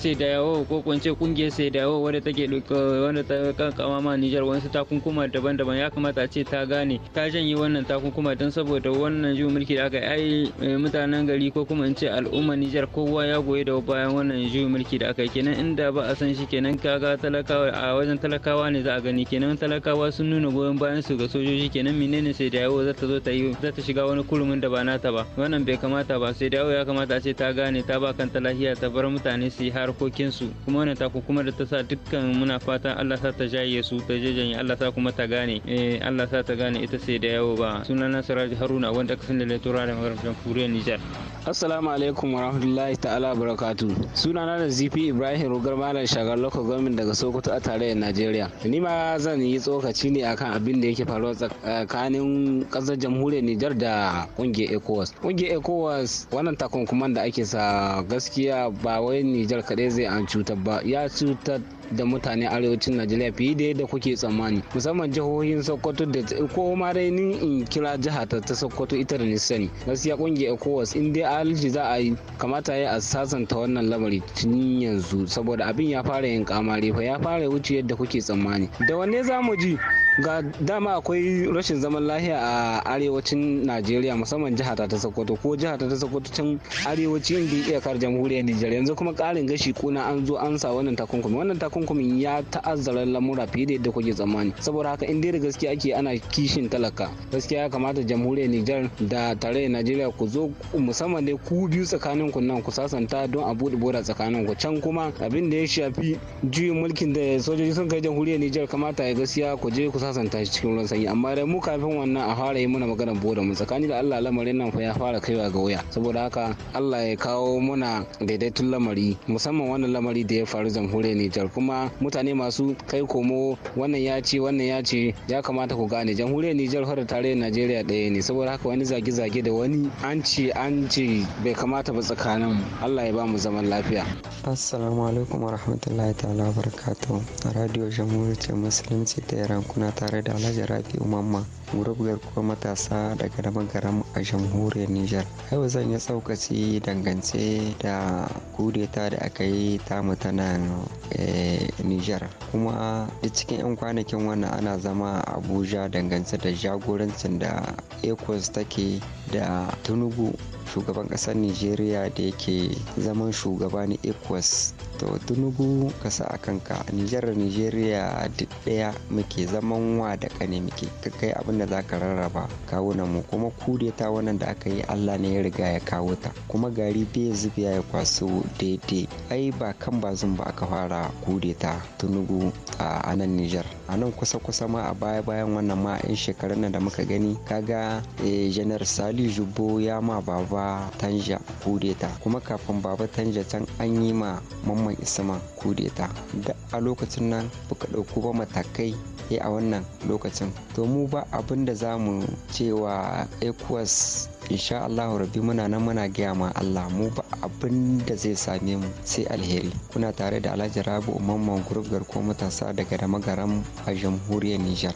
ce eh, da yawo ko kwance kungiyar sai da yawo wadda take wanda ta kama ma nijar wasu takunkuma daban-daban ya kamata a ce ta gane ta janye wannan takunkuma don saboda wannan juyin mulki da aka yi ai eh, mutanen gari ko kuma in ce al'ummar nijar kowa ya goyi da bayan wannan juyin mulki da aka yi kenan inda ba a san shi kenan kaga talakawa a wajen talakawa ne za a gani kenan talakawa sun nuna goyon bayan su ga sojoji kenan menene sai dawo za ta zo ta yi za ta shiga wani kurumin da ba nata ba wannan bai kamata ba sai dawo ya kamata a ce ta gane ta ba kanta lafiya ta bar mutane su yi harkokin su kuma wannan ta kuma da ta sa dukkan muna fatan Allah sa ta jaye su ta jejen Allah sa kuma ta gane eh Allah sa ta gane ita sai da yawo ba sunan Siraj Haruna wanda kasan da Tura da Magarabtan Kuriyar Nijar Assalamu alaikum rahmatullahi ta'ala barakatu sunana da ZP Ibrahim Rogar Malam Shagar Loko Gwamnati daga Sokoto a tarayyar Najeriya. Ni ma zan yi tsokaci ne akan abin da yake faruwa eh, tsakanin ƙasar jamhuriyar Nijar da ƙungiyar ECOWAS. Ƙungiyar ECOWAS wannan takunkuman da ake sa gaskiya ba wai Nijar kaɗai zai an cutar ba ya cutar da mutane arewacin najeriya fiye da yadda kuke tsammani musamman jihohin sokoto da ko ma dai ni in kira jiha ta ta sokoto ita da nisani gaskiya kungiyar ecowas in dai alji za a yi kamata ya a sasanta wannan lamari tun yanzu saboda abin ya fara yin kamare fa ya fara wuce yadda kuke tsammani da wanne za mu ji ga dama akwai rashin zaman lafiya a arewacin najeriya musamman jihar ta sokoto ko jihar ta sokoto can arewacin ya kar jamhuriyar nijar yanzu kuma karin gashi kuna an zo an sa wannan takunkumi wannan takunkumin ya ta'azzara lamura fiye da yadda kuke tsammani saboda haka in da gaskiya ake ana kishin talaka gaskiya ya kamata jamhuriyar nijar da tarayyar najeriya ku zo musamman dai ku biyu tsakanin ku nan ku sasanta don a buɗe bora tsakanin ku can kuma abin da ya shafi juyin mulkin da sojoji sun kai jamhuriyar nijar kamata ya gaskiya ku je ku sasanta shi cikin ruwan sanyi amma dai mu kafin wannan a fara yi muna maganar boda mu tsakani da Allah lamarin nan fa ya fara kaiwa ga wuya saboda haka Allah ya kawo muna daidaitun lamari musamman wannan lamari da ya faru jamhuriyar Nijar kuma mutane masu kai komo wannan ya ce wannan ya ce ya kamata ku gane jamhuriyar Nijar har tarayyar Najeriya daya ne saboda haka wani zage-zage da wani an ce an ce bai kamata ba tsakanin Allah ya ba mu zaman lafiya. Assalamu alaikum wa rahmatullahi ta'ala wa barakatuhu. Radio Jamhuriyar Musulunci ta Iran kuna tare da Alhaji Rabi'u Mamma, gurubgar kuma matasa daga daban garam a jamhuriyar Nijar. Yau zan yi tsaukaci dangance da kudeta da aka yi tamu ta nan eh, Nijar. Kuma a cikin 'yan kwanakin wannan ana zama a Abuja dangance da jagorancin da ECOWAS take da tinubu. shugaban ƙasar nigeria da yake zaman shugaba na ecowas to tunugu kasa a kanka nijar da nigeria duk ɗaya muke zaman wa da ƙane muke kai abin da za ka rarraba kawunan mu kuma kudeta wannan da aka yi allah ne ya riga ya kawo ta kuma gari bai zubiya ya kwaso daidai ai ba kan bazun ba aka fara kudeta tunugu a nan nijar a nan kusa-kusa ma a baya-bayan wannan ma 'yan shekarun nan da muka gani kaga eh, janar sali jubo ya ma baba baba tanja kudeta kuma kafin baba tanja can an yi ma mamman isma kudeta da a lokacin nan buka ɗauko ba matakai ya a wannan lokacin to mu ba abin da za mu cewa ecowas insha Allah rabbi muna nan muna gaya ma Allah mu ba abin da zai same mu sai alheri kuna tare da Alhaji Rabu Umman Group garko matasa daga da magaram a jamhuriyar Nijar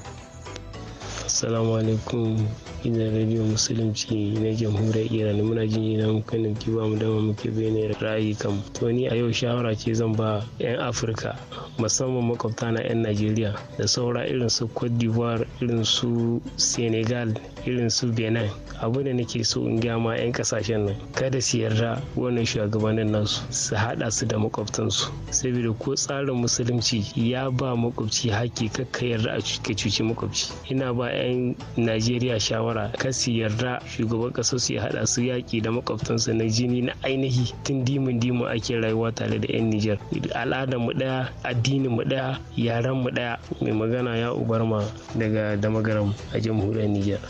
assalamu alaikum gidan radio musulunci na jamhuriyar iran muna jin idan kan ki ba mu dama muke bayyana ra'ayi kan to ni a yau shawara ce zan ba 'yan afirka musamman makwabta na 'yan najeriya da saura irin su cote d'ivoire irin su senegal irin su benin abu da nake so in ma 'yan kasashen nan kada su yarda wannan shugabannin nasu su hada su da makwabtansu saboda ko tsarin musulunci ya ba makwabci haƙƙi kakka yarda a cuce makwabci ina ba 'yan najeriya shawara shawara kasi yarda shugaban kasar su ya hada su yaki da makwabtansa na jini na ainihi tun dimin dimin ake rayuwa tare da 'yan Nijar. Al'adar mu daya addinin mu daya yaren mu daya Mai magana ya ubarma daga damagaram a jamhuriyar Nijar.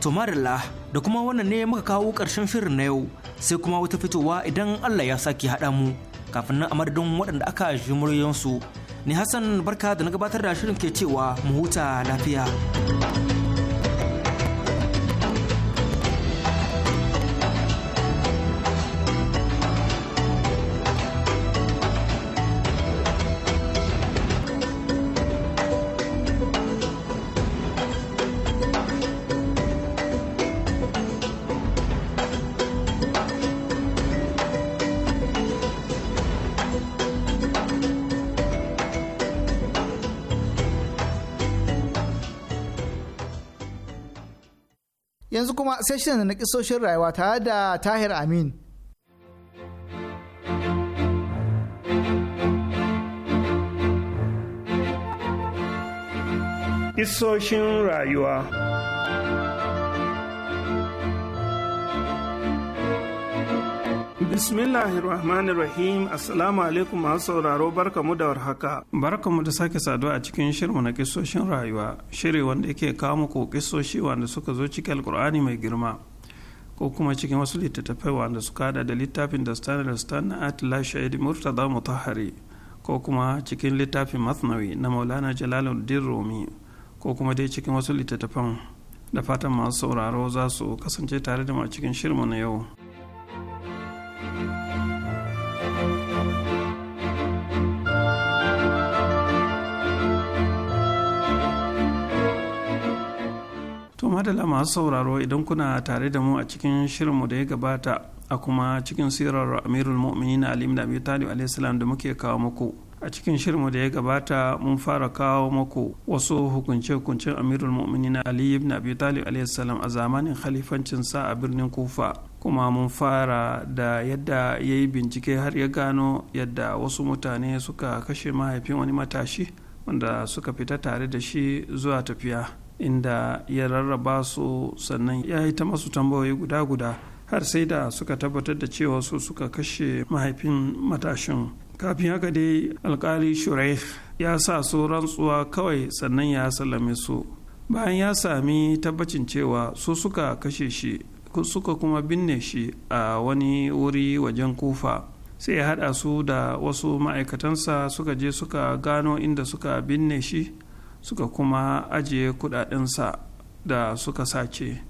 To marilla da kuma wannan ne muka kawo karshen shirin na yau sai kuma wata fitowa idan Allah ya sake hada mu kafin nan a madadin waɗanda aka ji muryoyinsu. ne Hassan barka da na gabatar da shirin ke cewa mu huta lafiya. sai shirin na kisoshin rayuwa tare da tahir amin isoshin rayuwa Bismillahirrahmanirrahim Assalamu alaikum masu sauraro barkamu da warhaka. Barkamu da sake saduwa a cikin shirmu na kisoshin rayuwa, shiri wanda yake kawo muku kisoshi wanda suka zo cikin Alkur'ani mai girma. Ko kuma cikin wasu littattafai wanda suka hada da littafin da Stan da at la shaidi Shahid Murtaza Mutahari ko kuma cikin littafin Masnawi na Maulana Jalaluddin Rumi ko kuma dai cikin wasu littattafan da fatan masu sauraro za su kasance tare da mu a cikin shirmu na yau. madala masu sauraro idan kuna tare da mu a cikin shirinmu da ya gabata a kuma cikin sirar amirul mu'minin ali da biyu talib alaihissalam da muke kawo muku a cikin shirinmu da ya gabata mun fara kawo muku wasu hukunce-hukuncen amirul mu'minin ali ibn abi talib alaihissalam a zamanin khalifancin sa a birnin kufa kuma mun fara da yadda ya yi bincike har ya gano yadda wasu mutane suka kashe mahaifin wani matashi wanda suka fita tare da shi zuwa tafiya inda ya rarraba su sannan ya yi ta masu tambayoyi guda-guda har sai da suka tabbatar da cewa su suka kashe mahaifin matashin kafin haka dai alkali shuraif ya sa su rantsuwa kawai sannan ya sallame su bayan ya sami tabbacin cewa su suka kashe shi suka kuma binne shi a wani wuri wajen kufa sai ya haɗa su da wasu ma'aikatansa suka je suka gano inda suka binne shi suka kuma ajiye kuɗaɗensa da suka sace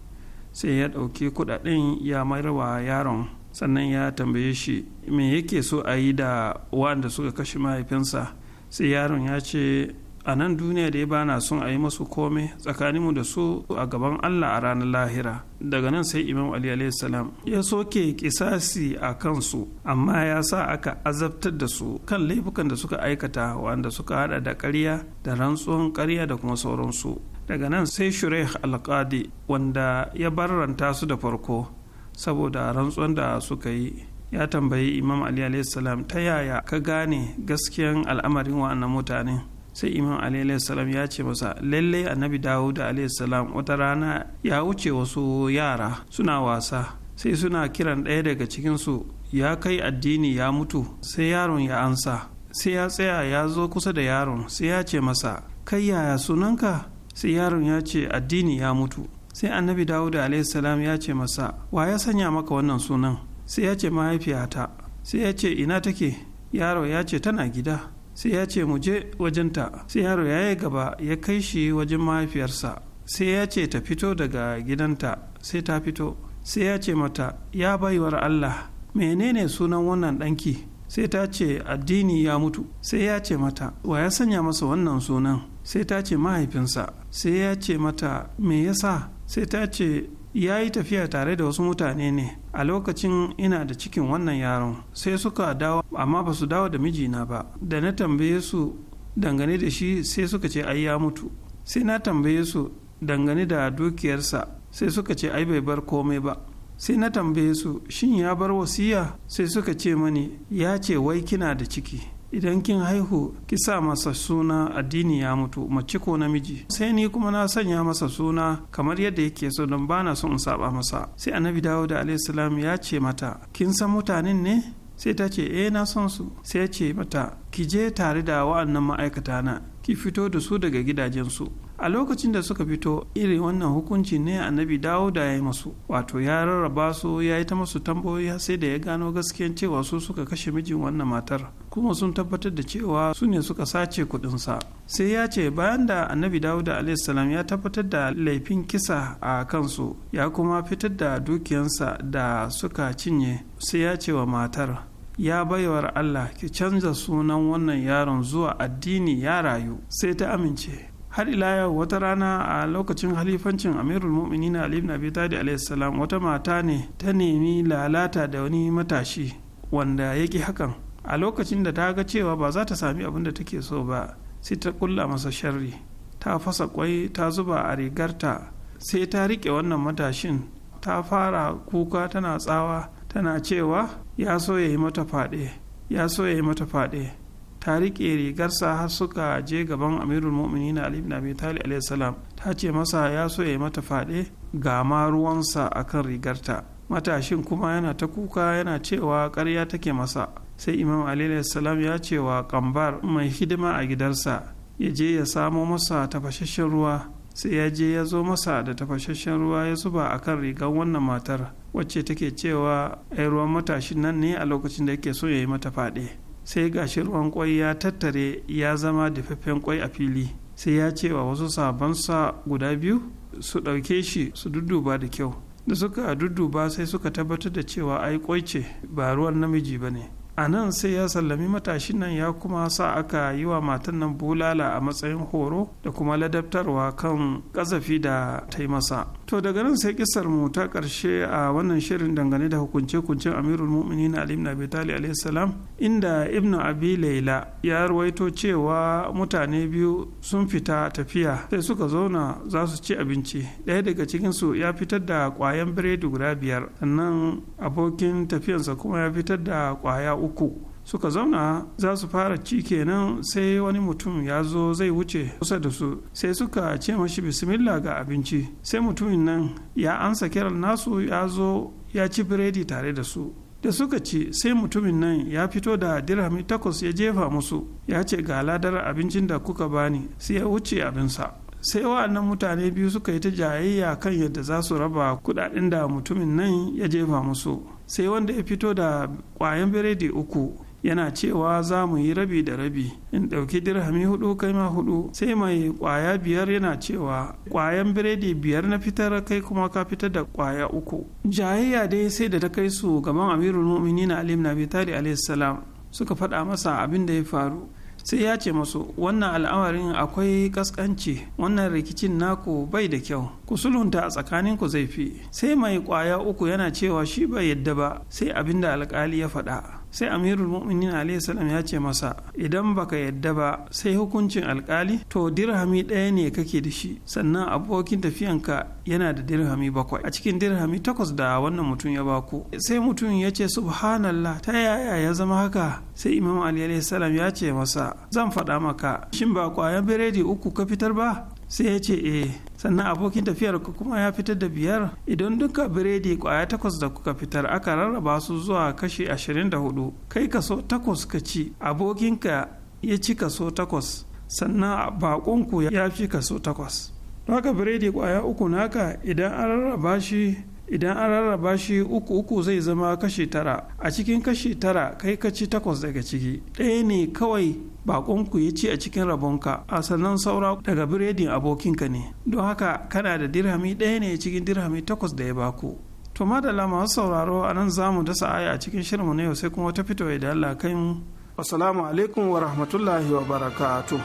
sai ya ɗauki kudaden ya mayarwa yaron sannan ya tambaye shi me yake so a yi da wanda suka kashe mahaifinsa sai yaron ya ce a nan duniya da ya na son a yi masu kome tsakaninmu da su a gaban Allah a ranar lahira daga nan sai imam ali salam ya soke kisasi a kansu amma ya sa aka azabtar da su kan laifukan da suka aikata wanda suka hada da ƙarya da rantsuwan ƙarya da kuma sauransu daga nan sai shureh alƙadi wanda ya barranta su da farko saboda rantsuwan da suka yi ya tambayi imam ali salam ta yaya ka gane gaskiyan al'amarin wa'annan mutane sai imam salam ya ce masa lalle annabi dawud salam wata rana ya wuce wasu yara suna wasa sai suna kiran ɗaya daga cikinsu ya kai addini ya mutu sai yaron ya ansa sai ya tsaya ya zo kusa da yaron sai ya ce masa kai yaya sunanka sai yaron ya ce addini ya mutu sai annabi dawud salam ya ce masa wa ya sanya maka wannan sunan sai ya ce mahaifiyata sai ya ce ina take yaro ya ce tana gida sai ya ce mu je wajenta sai yaro ya yi gaba ya kai shi wajen mahaifiyarsa sai ya ce ta fito daga gidanta sai ta fito sai ya ce mata ya baiwar allah menene sunan wannan ɗanki sai ta ce addini ya mutu sai ya ce mata wa ya sanya masa wannan sunan sai ta ce mahaifinsa sai ya ce mata me yasa sai ta ce ya yi tafiya tare da wasu mutane ne a lokacin ina da cikin wannan yaron sai suka dawo amma ba su dawo da mijina ba da na tambaye su dangane da shi sai suka ce ai ya mutu sai na tambaye su dangane da dukiyarsa sai suka ce ai bai bar komai ba sai na tambaye su shin ya bar wasiya sai suka ce mani ya ce wai kina da ciki idan kin haihu ki sa masa suna addini ya mutu mace ko namiji sai ni kuma na sanya masa suna kamar yadda yake so don bana son in saba masa sai annabi dawuda alaihi ya ce mata kin san mutanen ne sai ta ce eh na son su sai ya ce mata ki je tare da wa'annan ma'aikata na ki fito da su daga gidajensu a lokacin da suka fito irin wannan hukunci ne annabi dawo ya yi masu wato ya rarraba su ya yi ta masu tambayoyi sai da ya gano gaskiyan cewa su suka kashe mijin wannan matar kuma sun tabbatar da cewa su ne suka sace kudinsa sai ya ce bayan da annabi dawo da alaihissalam ya tabbatar da laifin kisa a kansu ya kuma fitar da dukiyansa da suka cinye sai ya ce wa matar ya baiwar Allah ki canza sunan wannan yaron zuwa addini ya rayu sai ta amince har ila yau wata rana a lokacin halifancin amirul mu'minin ali ibn abi talib salam wata mata ne ta nemi lalata da wani matashi wanda yake hakan a lokacin da ta ga cewa ba za ta sami abin da take so ba sai ta kulla masa sharri ta fasa kwai ta zuba a rigarta sai ta rike wannan matashin ta fara kuka tana tsawa tana cewa ya so ya yi mata fade ya so ya yi mata fade ta riƙe rigarsa har suka je gaban amirul mu'minin ali ibn abi talib alayhi salam ta ce masa ya so ya mata faɗe ga ma ruwansa akan rigarta matashin kuma yana ta kuka yana cewa ƙarya take masa sai imam ali salam ya ce wa kambar mai hidima a gidarsa ya je ya samo masa tafasasshen ruwa sai ya je ya zo masa da tafasasshen ruwa ya zuba akan rigar wannan matar wacce take cewa ai ruwan matashin nan ne a lokacin da yake so ya yi mata faɗe sai gashin ruwan kwai ya tattare ya zama dafaffen kwai a fili sai ya ce wa wasu sabansa guda biyu su ɗauke shi su dudduba da kyau da suka dudduba sai suka tabbatar da cewa ai kwai ce ba ruwan namiji ba ne a nan sai ya sallami matashin nan ya kuma sa aka yi wa matan nan bulala a matsayin horo da kuma ladabtarwa kan ƙazafi da ta yi masa to daga nan sai kisar mu ta karshe a wannan shirin dangane da hukunce-hukuncen amirul mu'minin ali ibn abi talib alayhi salam inda ibnu abi laila ya ruwaito cewa mutane biyu sun fita tafiya sai suka zauna za su ci abinci ɗaya daga cikin su ya fitar da kwayan biredi guda biyar sannan abokin tafiyansa kuma ya fitar da kwaya uku suka zauna za su fara ci kenan sai wani mutum ya zo zai wuce kusa da su sai suka ce mashi bismillah ga abinci sai mutumin nan ya ansa kiran nasu ya zo ya ci biredi tare da su da suka ci sai mutumin nan ya fito da dirhami takwas ya jefa musu ya ce ga ladar abincin da kuka bani sai ya wuce abinsa sai wa'annan mutane biyu suka yi ta jayayya kan yadda za su raba kudaden da mutumin nan ya jefa musu sai wanda ya fito da kwayan biredi uku yana cewa za mu yi rabi da rabi in ɗauki dirhami hudu kai ma hudu sai mai kwaya biyar yana cewa kwayan biredi biyar na fitar kai kuma ka fitar da kwaya uku jayayya dai sai da ta kai su gaban amirul mu'minin ali ibn abi talib alayhi salam suka faɗa masa abin da ya faru sai ya ce masu wannan al'amarin akwai kaskanci wannan rikicin naku bai da kyau ku sulhunta a tsakanin ku zai fi sai mai kwaya uku yana cewa shi bai yadda ba sai abin da alkali ya faɗa sai amirul mu'minin alayhi salam ya ce masa idan baka yadda ba sai hukuncin alkali to dirhami ɗaya ne kake da shi sannan abokin tafiyanka yana da dirhami bakwai a cikin dirhami takwas da wannan mutum ya baku sai mutum ya ce subhanallah ta yaya ya zama haka sai imam ali alayhi salam ya ce masa zan faɗa maka shin ba kwayan biredi uku ka fitar ba sai ya ce eh sannan abokin tafiyar ku kuma ya fitar da biyar idan duka biredi kwaya takwas da kuka fitar aka rarraba su zuwa kashi ashirin da hudu kai kaso takwas ka ci abokinka ya ci kaso takwas sannan baƙonku ya fi kaso takwas haka biredi kwaya uku naka idan an rarraba shi idan an rarraba shi uku uku zai zama kashi tara a cikin kashi tara kai ka ci takwas daga ciki ɗaya ne kawai bakonku ya ci a cikin rabonka a sannan saura daga biredin abokinka ne don haka kana da dirhami ɗaya ne cikin dirhami takwas da ya baku to madalla masu sauraro a nan za mu dasa aya a cikin shirinmu na yau sai kuma ta fito da Allah kai mu assalamu alaikum wa rahmatullahi wa barakatu.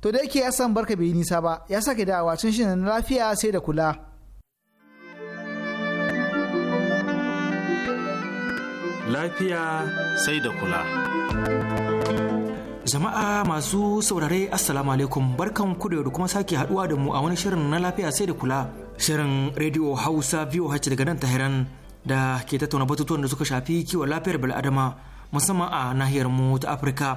to da yake ya san barka bai nisa ba ya sake dawa awacin shi na lafiya sai da kula lafiya sai da kula. Jama'a masu saurare Assalamu alaikum barkan ku da kuma sake haduwa da mu a wani shirin na lafiya sai da kula. Shirin Radio Hausa VOH daga nan Tahiran da ke tattauna batutuwan da suka shafi kiwon lafiyar bil'adama musamman a nahiyar mu ta Afirka.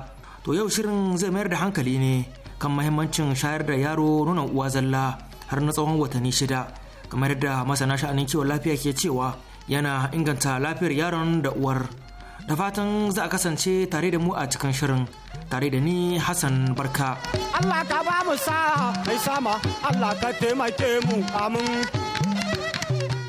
To yau shirin zai mayar da hankali ne kan mahimmancin shayar da yaro nonon uwa zalla har na tsawon watanni shida kamar yadda masana sha'anin kiwon lafiya ke cewa yana inganta lafiyar yaron da uwar da fatan za a kasance tare da mu a cikin shirin tare da ni hassan barka allah ka ba mu mai sama allah ka taimake mu amin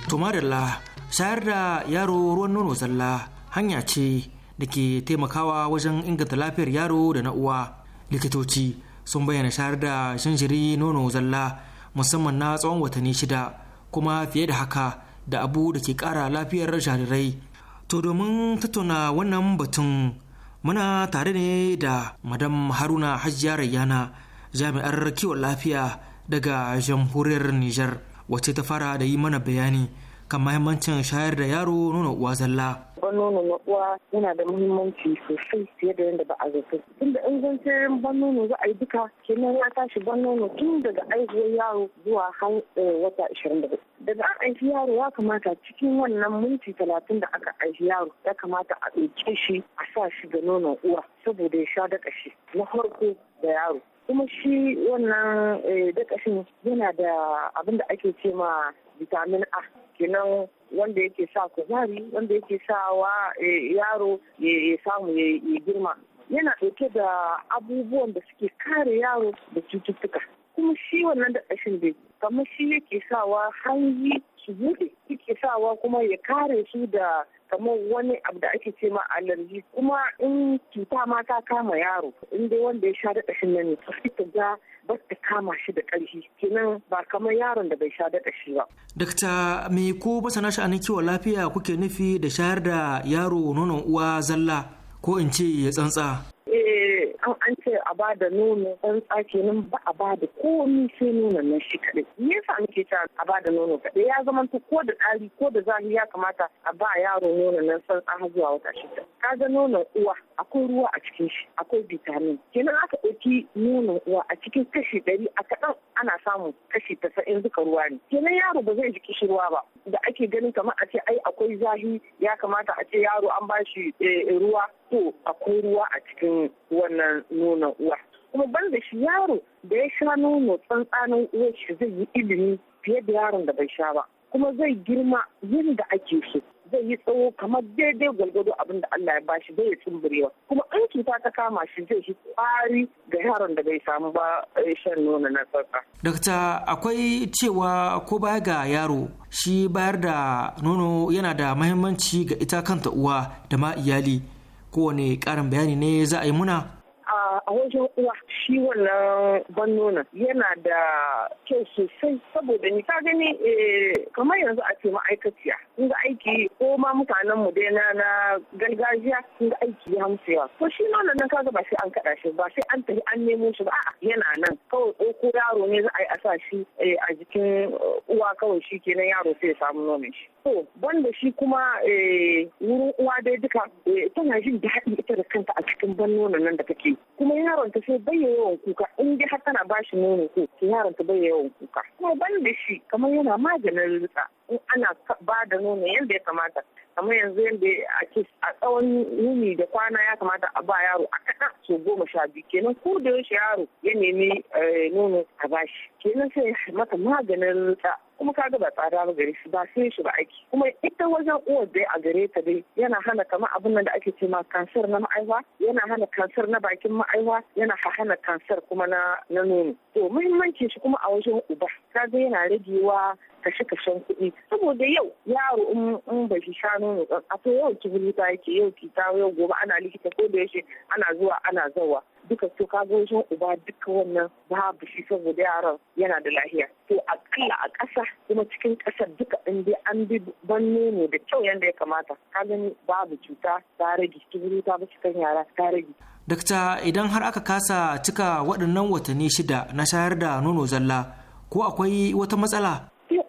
tumarilla shayar da yaro ruwan nono zalla hanya ce da ke taimakawa wajen inganta lafiyar yaro da na uwa likitoci sun bayyana shayar da shinjiri nono zalla musamman na tsawon watanni shida kuma fiye da haka da abu da ke kara lafiyar jarirai to domin tattauna wannan batun muna tare ne da madam haruna hajjiya rayyana jami'ar kiwon lafiya daga jamhuriyar ni'jar wacce ta fara da yi mana bayani kan mahimmancin shayar da yaro nuna uwa zalla. Ban nono na uwa yana da mahimmanci sosai fiye da yadda ba a zato. Tunda in zan sayan ban nono za a yi duka kenan ya tashi ban nono tun daga aihuwar yaro zuwa har eh, wata ashirin da Daga an aiki yaro ya kamata cikin wannan minti talatin da aka aiki yaro ya kamata a ɗauke shi a sa shi ga nuna uwa saboda ya sha dakashi shi na farko da yaro. kuma shi wannan eh, dakashin yana da abin da ake ce ma vitamin A kenan wanda yake sa kuzari wanda yake sa wa eh, yaro ya samu ya girma yana ɗauke da abubuwan da suke kare yaro da cututtuka kuma shi wannan da ƙashin dai kamar shi yake sawa hanyi su buɗe yake sawa kuma ya kare su da kamar wani abu da ake ce ma alerji kuma in cuta ma ta kama yaro in dai wanda ya sha kashin nan ne ta ga ba ta kama shi da ƙarfi kenan ba kamar yaron da bai sha daɗashi ba. Dakta me ko masana sha'anin kiwon lafiya kuke nufi da shayar da yaro nonon uwa zalla ko in ce ya tsantsa? eh an ce a ba da nono ɗan tsake nan ba a ba da komi sai nono nan shi kaɗai me yasa muke ta a ba da nono kaɗai ya zama ko da ɗari ko da zahi ya kamata a ba yaro nono nan san an zuwa wata shida ga nonon uwa akwai ruwa a cikin shi akwai vitamin kenan aka ɗauki nonon uwa a cikin kashi ɗari a kaɗan ana samu kashi tasa'in duka ruwa ne kenan yaro ba zai ji kishirwa ba da ake ganin kamar a ce ai akwai zahi ya kamata a ce yaro an ba shi eh, ruwa to akwai ruwa a cikin cikin wannan nonon uwa kuma ban da shi yaro da ya sha nono tsantsanin uwar shi zai yi ilimi fiye da yaron da bai sha ba kuma zai girma yadda ake so zai yi tsawo kamar daidai gwalgwado abin da Allah ya bashi zai yi kuma in cuta ta kama shi zai shi kwari ga yaron da bai samu ba eh, shan nono na tsarka Dakta akwai cewa ko baya ga yaro shi bayar da nono yana da mahimmanci ga ita kanta uwa da ma iyali. kowane ƙarin bayani ne za a yi muna a wajen uwa shi wannan ban yana da kyau sosai saboda ni ka gani eh, kamar yanzu a ce ma'aikaciya inda aiki ko ma mutanen mu dai na gargajiya inda aiki ya musu yawa to shi nonon nan kaga ba sai an kada shi ba sai an tafi an nemo shi ba a'a yana nan kawai ɗauko yaro ne za a yi a sa shi eh, a jikin eh, uwa kawai shi kenan yaro sai ya samu nomin shi to banda shi kuma wurin uwa dai duka tana jin daɗi ita da kanta a cikin ban nan da kake kuma in yaron ta sai bai yawan kuka in dai har tana bashi nono ko sai yaron ta bai yawan kuka kuma ban da shi kamar yana maganin rika in ana ba da nono yadda ya kamata kamar yanzu yadda a ce a tsawon nuni da kwana ya kamata a ba yaro a kaɗa so goma sha biyu kenan ko da yaushe yaro ya nemi eh, nono a bashi kenan sai mata maganin rika kuma kaga ba tsada ba gare shi ba sai shi ba aiki kuma ita wajen uwar dai a gare ta dai yana hana kamar abin nan da ake ce ma kansar na ma'aiwa yana hana kansar na bakin ma'aiwa yana hana kansar kuma na na nono to muhimmanci shi kuma a wajen uba kaga yana ragewa kashe-kashen kuɗi saboda yau yaro in ba shi sha nono a to yau kibiri ta yake yau kita yau gobe ana likita ko da yake ana zuwa ana zawa duka to kaga wajen uba duka wannan babu shi saboda yaran yana da lahiya to akalla a ƙasa kuma cikin ƙasar duka in dai an bi ban ne da kyau yadda ya kamata ka gani babu cuta ta rage kibiri ta bi cikin yara ta rage dakta idan har aka kasa cika waɗannan watanni shida na shayar da nono zalla ko akwai wata matsala eh,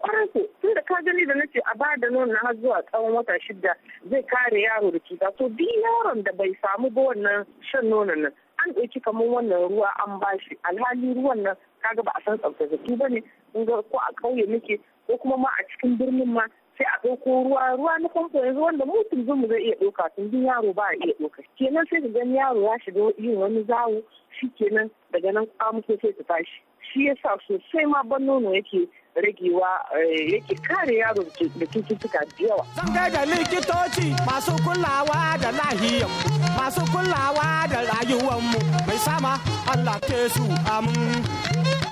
tun da ka gani da nace a ba da nono har zuwa tsawon wata shida zai kare yaro da cuta to duk yaron da bai samu ba wannan shan nonon nan an ɗauki kamar wannan ruwa an ba shi alhali ruwan nan kaga ba a san tsaftace ba ne ko a ƙauye muke ko kuma ma a cikin birnin ma sai a ɗauko ruwa ruwa na famfo yanzu wanda mutum mu zai iya ɗauka tun bin yaro ba a iya ɗauka kenan sai ka gani yaro ya shiga yin wani zawo shi kenan daga nan kwamuko sai ta tashi shi yasa sosai ma ban nono yake ragewa eh, yake kare yaro da cututtuka da yawa. Zan kai da likitoci masu kulawa da lahiyar masu kulawa da rayuwar mu mai sama Allah ke su amin.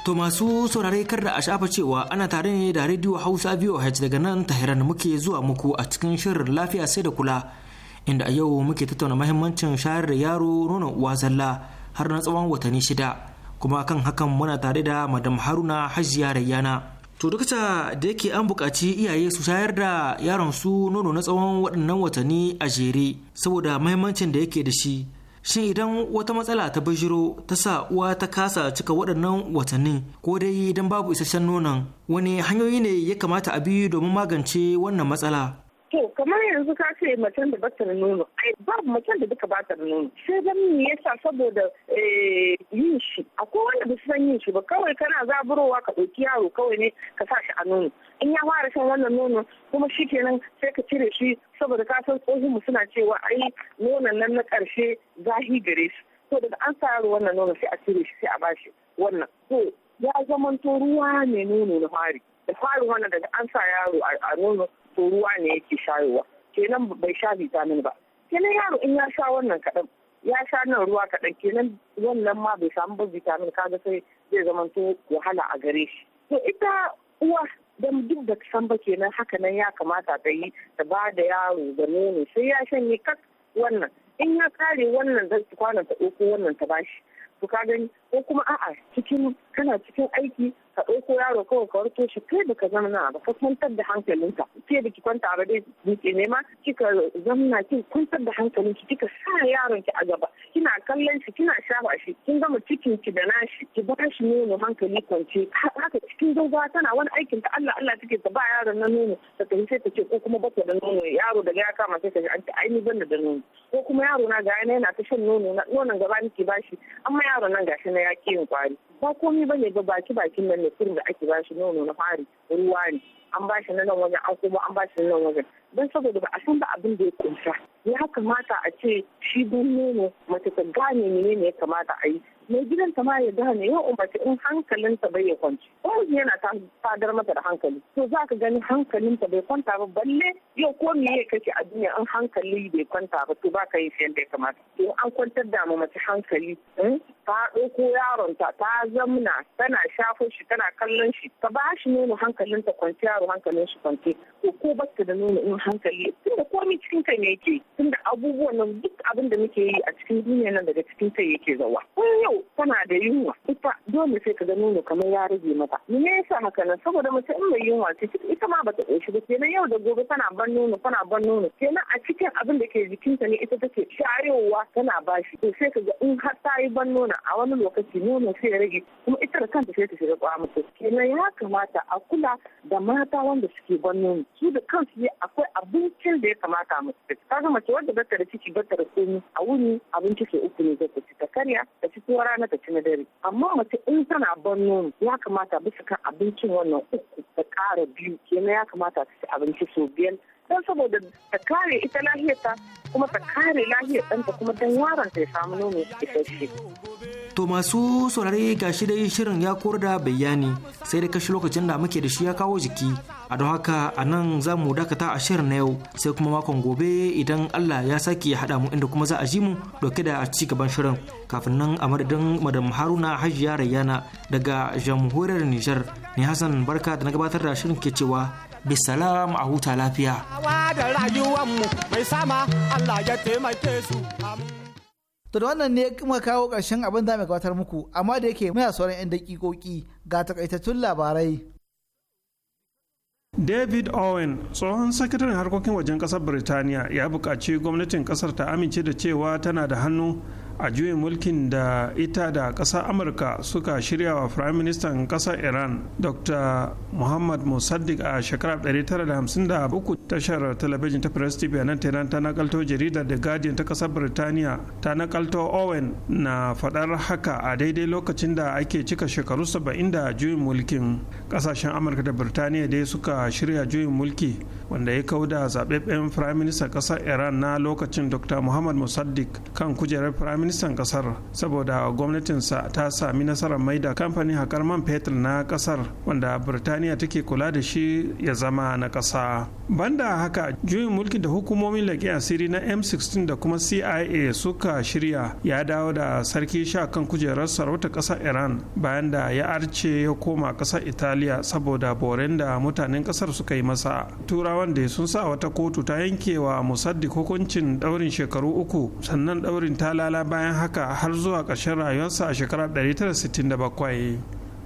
To masu saurare kar da a shafa cewa ana tare ne da Radio Hausa VOH daga nan Tahiran muke zuwa muku a cikin shirin lafiya sai da kula inda a yau muke tattauna mahimmancin shayar da yaro nonon uwa zalla har na tsawon watanni shida kuma kan hakan muna tare da Madam Haruna Hajiya Rayyana. To duk da yake an buƙaci iyaye su shayar da yaron su nono na tsawon waɗannan watanni a jere saboda mahimmancin da yake da shi Shin idan wata matsala ta bijiro ta sa uwa ta kasa cika waɗannan watanni ko dai idan babu isasshen nonon wani hanyoyi ne ya kamata a bi domin magance wannan matsala? To kamar yanzu ka ce macen da bata da nono. Ai babu macen da duka bata da nono. Sai dan me yasa saboda eh, yin shi. Akwai wanda ba san yin shi ba kawai kana zaburowa ka ɗauki yaro kawai ne ka sa shi a nono. In ya fara shan wannan nono kuma shi kenan sai ka cire shi saboda ka san tsohon suna cewa ai nonon nan na ƙarshe zahi gare shi. To daga an sa yaro wannan nono sai a cire shi sai a bashi wannan. To ya zamanto ruwa ne nono na fari. Da fari wannan daga an sa yaro a nono to ruwa ne yake shayowa kenan bai sha vitamin ba kenan yaro in ya sha wannan kaɗan ya sha nan ruwa kaɗan kenan wannan ma bai samu ba vitamin kaga sai zai zama to wahala a gare shi to ita uwa don duk da san ba kenan haka nan ya kamata ta yi ta ba da yaro da nono sai ya shanye kak wannan in ya kare wannan zan kwanan ta ɗauko wannan ta bashi to ka gani ko kuma a'a cikin kana cikin aiki ka ɗauko yaro kawai ka warke shi kai baka zamana ba ka kwantar da hankalinka ke ki kwanta ba dai duke ne kika zamna kin kwantar da hankalinki kika sa yaron ki a gaba kina kallon shi kina shafa shi kin gama cikin ki da nashi ki ba shi nono hankali kwance haka cikin dogwa tana wani aikin ta Allah Allah take ta ba yaron na nono ta tafi sai ta ce ko kuma baka da nono yaro daga ya kama sai ta ji an ta aini ban da nono ko kuma yaro na ga yana ta shan nono na nonon gaba nake ba shi amma yaron nan gashi na ya ƙi kwari ba komai bane ba baki bakin nan mutum da ake bashi nono na fari ruwa ne an bashi na nan wajen an kuma an bashi na nan wajen don saboda ba a san ba abin da ya kunsa ya kamata a ce shi don nono mace ta gane ne ya kamata a yi mai gidan ta ma ya gane yau in bace in hankalinta bai ya kwanci ko yana ta fadar mata da hankali to za ka gani ta bai kwanta ba balle yau ko me ya kake a duniya in hankali bai kwanta ba to ba ka yi fiye da ya kamata to an kwantar da mu mace hankali hmm? ta ɗauko yaron ta ta zamna tana shafo shi tana kallon shi ta ba shi nono hankalinta kwanci yaro hankalin shi kwance ko ko bata da nono in hankali tunda komai cikin kai ne yake tunda abubuwan nan duk abin da muke yi a cikin duniya nan daga cikin kai yake zawa yau yau tana da yunwa ita dole sai ka ga nono kamar ya rage mata ni ne yasa haka nan saboda mace in mai yunwa ce ita ma bata ɗauki ba kenan yau da gobe tana ban nono tana ban nono kenan a cikin abin da ke jikinta ne ita take shayowa tana bashi to sai ka ga in har ta yi ban nono a wani lokaci nono sai ya rage kuma ita da kanta sai ta shiga kwamata kenan ya kamata a kula da mata wanda suke ban nono su da kansu ne akwai abincin da ya kamata mu ka ga mace wanda bata da ciki bata da komi a wuni abinci sai uku ne zai ta karya ta ci tuwa rana ta ci na dare amma mace in tana ban nono ya kamata bisa kan abincin wannan uku da ƙara biyu kenan ya kamata ta ci abinci sau biyar don saboda ta kare ita lahiyata kuma ta kare lahiyar ɗanta kuma don yaron ta ya samu nono isasshe. To masu saurare ga shi dai shirin ya kowar da bayani sai da kashi lokacin da muke da shi ya kawo jiki a don haka a nan za mu dakata a shirin na yau sai kuma makon gobe idan Allah ya sake ya haɗa mu inda kuma za a ji mu dauke da a ci gaban shirin kafin nan a madadin madam Haruna Hajiya Rayyana daga jamhuriyar niger ne Hassan Barka da na gabatar da shirin ke cewa bisalam a huta lafiya. mai sama To da wannan ne kuma kawo ƙarshen abin da mai gabatar muku amma da yake muna sauran 'yan dakikoki ga takaitattun labarai. David Owen tsohon sakataren harkokin wajen ƙasar Birtaniya ya buƙaci gwamnatin ƙasar ta amince da cewa tana da hannu a juyin mulkin da ita da kasa amurka suka shirya wa firayim ministan ƙasar iran dr muhammad musaddiq a shekarar 1953 tashar talabijin ta press tv nan tehran ta nakalto jaridar the guardian ta ƙasar birtaniya ta nakalto owen na faɗar haka a daidai lokacin da ake cika shekaru 70 da juyin mulkin ƙasashen amurka da birtaniya dai suka shirya juyin mulki wanda ya da zaɓaɓɓen firayim ministan ƙasar iran na lokacin dr muhammad musaddiq kan kujerar firayim ministan kasar saboda gwamnatinsa ta sami nasarar maida kamfani hakar man fetur na kasar wanda birtaniya take kula da shi ya zama na ƙasa banda haka juyin mulkin da hukumomin laƙi asiri na m16 da kuma cia suka shirya ya dawo da sarki sha kan kujerar sarauta ƙasar iran bayan da ya arce ya koma ƙasar italiya saboda boren da mutanen ƙasar suka yi masa turawan da sun sa wata kotu ta yankewa musaddi hukuncin ɗaurin shekaru uku sannan ɗaurin lalaba bayan haka har zuwa ƙarshen rayuwarsa a shekarar 1967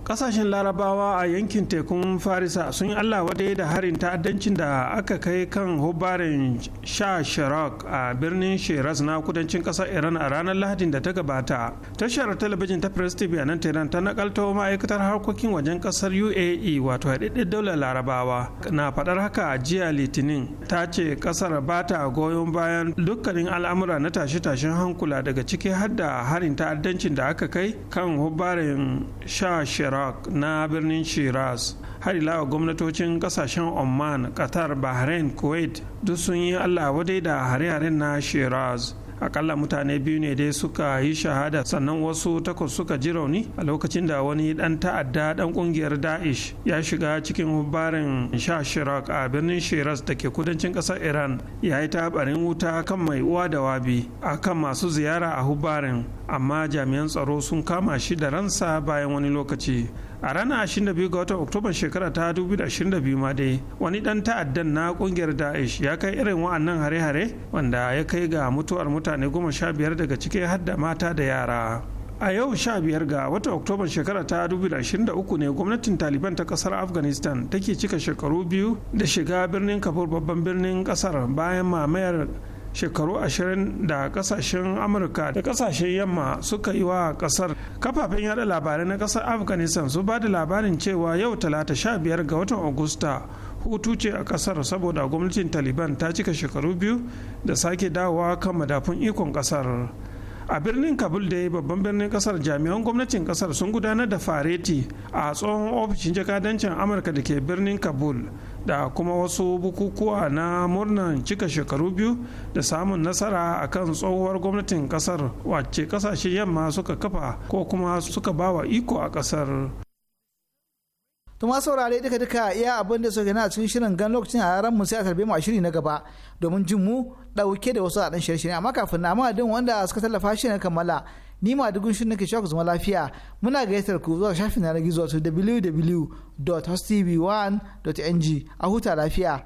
kasashen larabawa a yankin tekun farisa sun yi allah wadai da harin ta'addancin da aka kai kan hubarin sha shirak a birnin shiraz na kudancin kasar iran a ranar lahadin da ta gabata tashar talabijin ta press tv a nan tehran ta nakalto ma'aikatar harkokin wajen kasar uae wato haɗaɗɗen daular larabawa na faɗar haka a jiya litinin ta ce kasar ba ta goyon bayan dukkanin al'amura na tashe-tashen hankula daga ciki har da harin ta'addancin da aka kai kan hubarin sha shirak iraq na birnin shiraz har ila gwamnatocin kasashen oman qatar bahrain kuwait duk sun yi allah wadai da hare-haren na shiraz akalla mutane biyu ne dai suka yi shahada sannan wasu takwas suka ji rauni a lokacin da wani dan ta'adda dan kungiyar da'ish ya shiga cikin hubbarin shirak a birnin shiraz da ke kudancin kasar iran ya yi tabarin wuta kan mai uwa da wabi a kan masu ziyara a hubbarin amma jami'an tsaro sun kama shi da ransa bayan wani lokaci a ranar 22 ga watan oktoba shekara ta 2022 ma dai wani dan ta'addan na kungiyar daesh ya kai irin wa'annan hare-hare wanda ya kai ga mutuwar mutane goma sha biyar daga ciki har mata da yara a yau sha biyar ga watan oktoban shekara ta 2023 ne gwamnatin taliban ta kasar afghanistan take cika shekaru biyu da shiga birnin kabul babban birnin kasar bayan mamayar shekaru ashirin da kasashen amurka da kasashen yamma suka yi wa kasar kafafen yada labarai na kasar afghanistan su ba da labarin cewa yau talata sha biyar ga watan agusta hutu ce a kasar saboda gwamnatin taliban ta cika shekaru biyu da sake dawowa kan madafun ikon kasar a birnin kabul da babban birnin kasar jami'an gwamnatin kasar sun gudanar da fareti a tsohon ofishin jakadancin amurka da ke birnin kabul da kuma wasu bukukuwa na murnan cika shekaru biyu da samun nasara a kan tsohuwar gwamnatin kasar wacce kasashe yamma suka kafa ko kuma suka bawa iko a kasar to ma saurare duka duka iya abin da suke na cikin shirin gan lokacin a ran mu sai a karbe mu a shiri na gaba domin jin mu dauke da wasu a shirye shirye amma kafin na amma wanda suka tallafa shi na kammala ni ma dugun shirin nake shaku zama lafiya muna gayyatar ku zuwa shafin na gizo wato www.hostv1.ng a huta lafiya.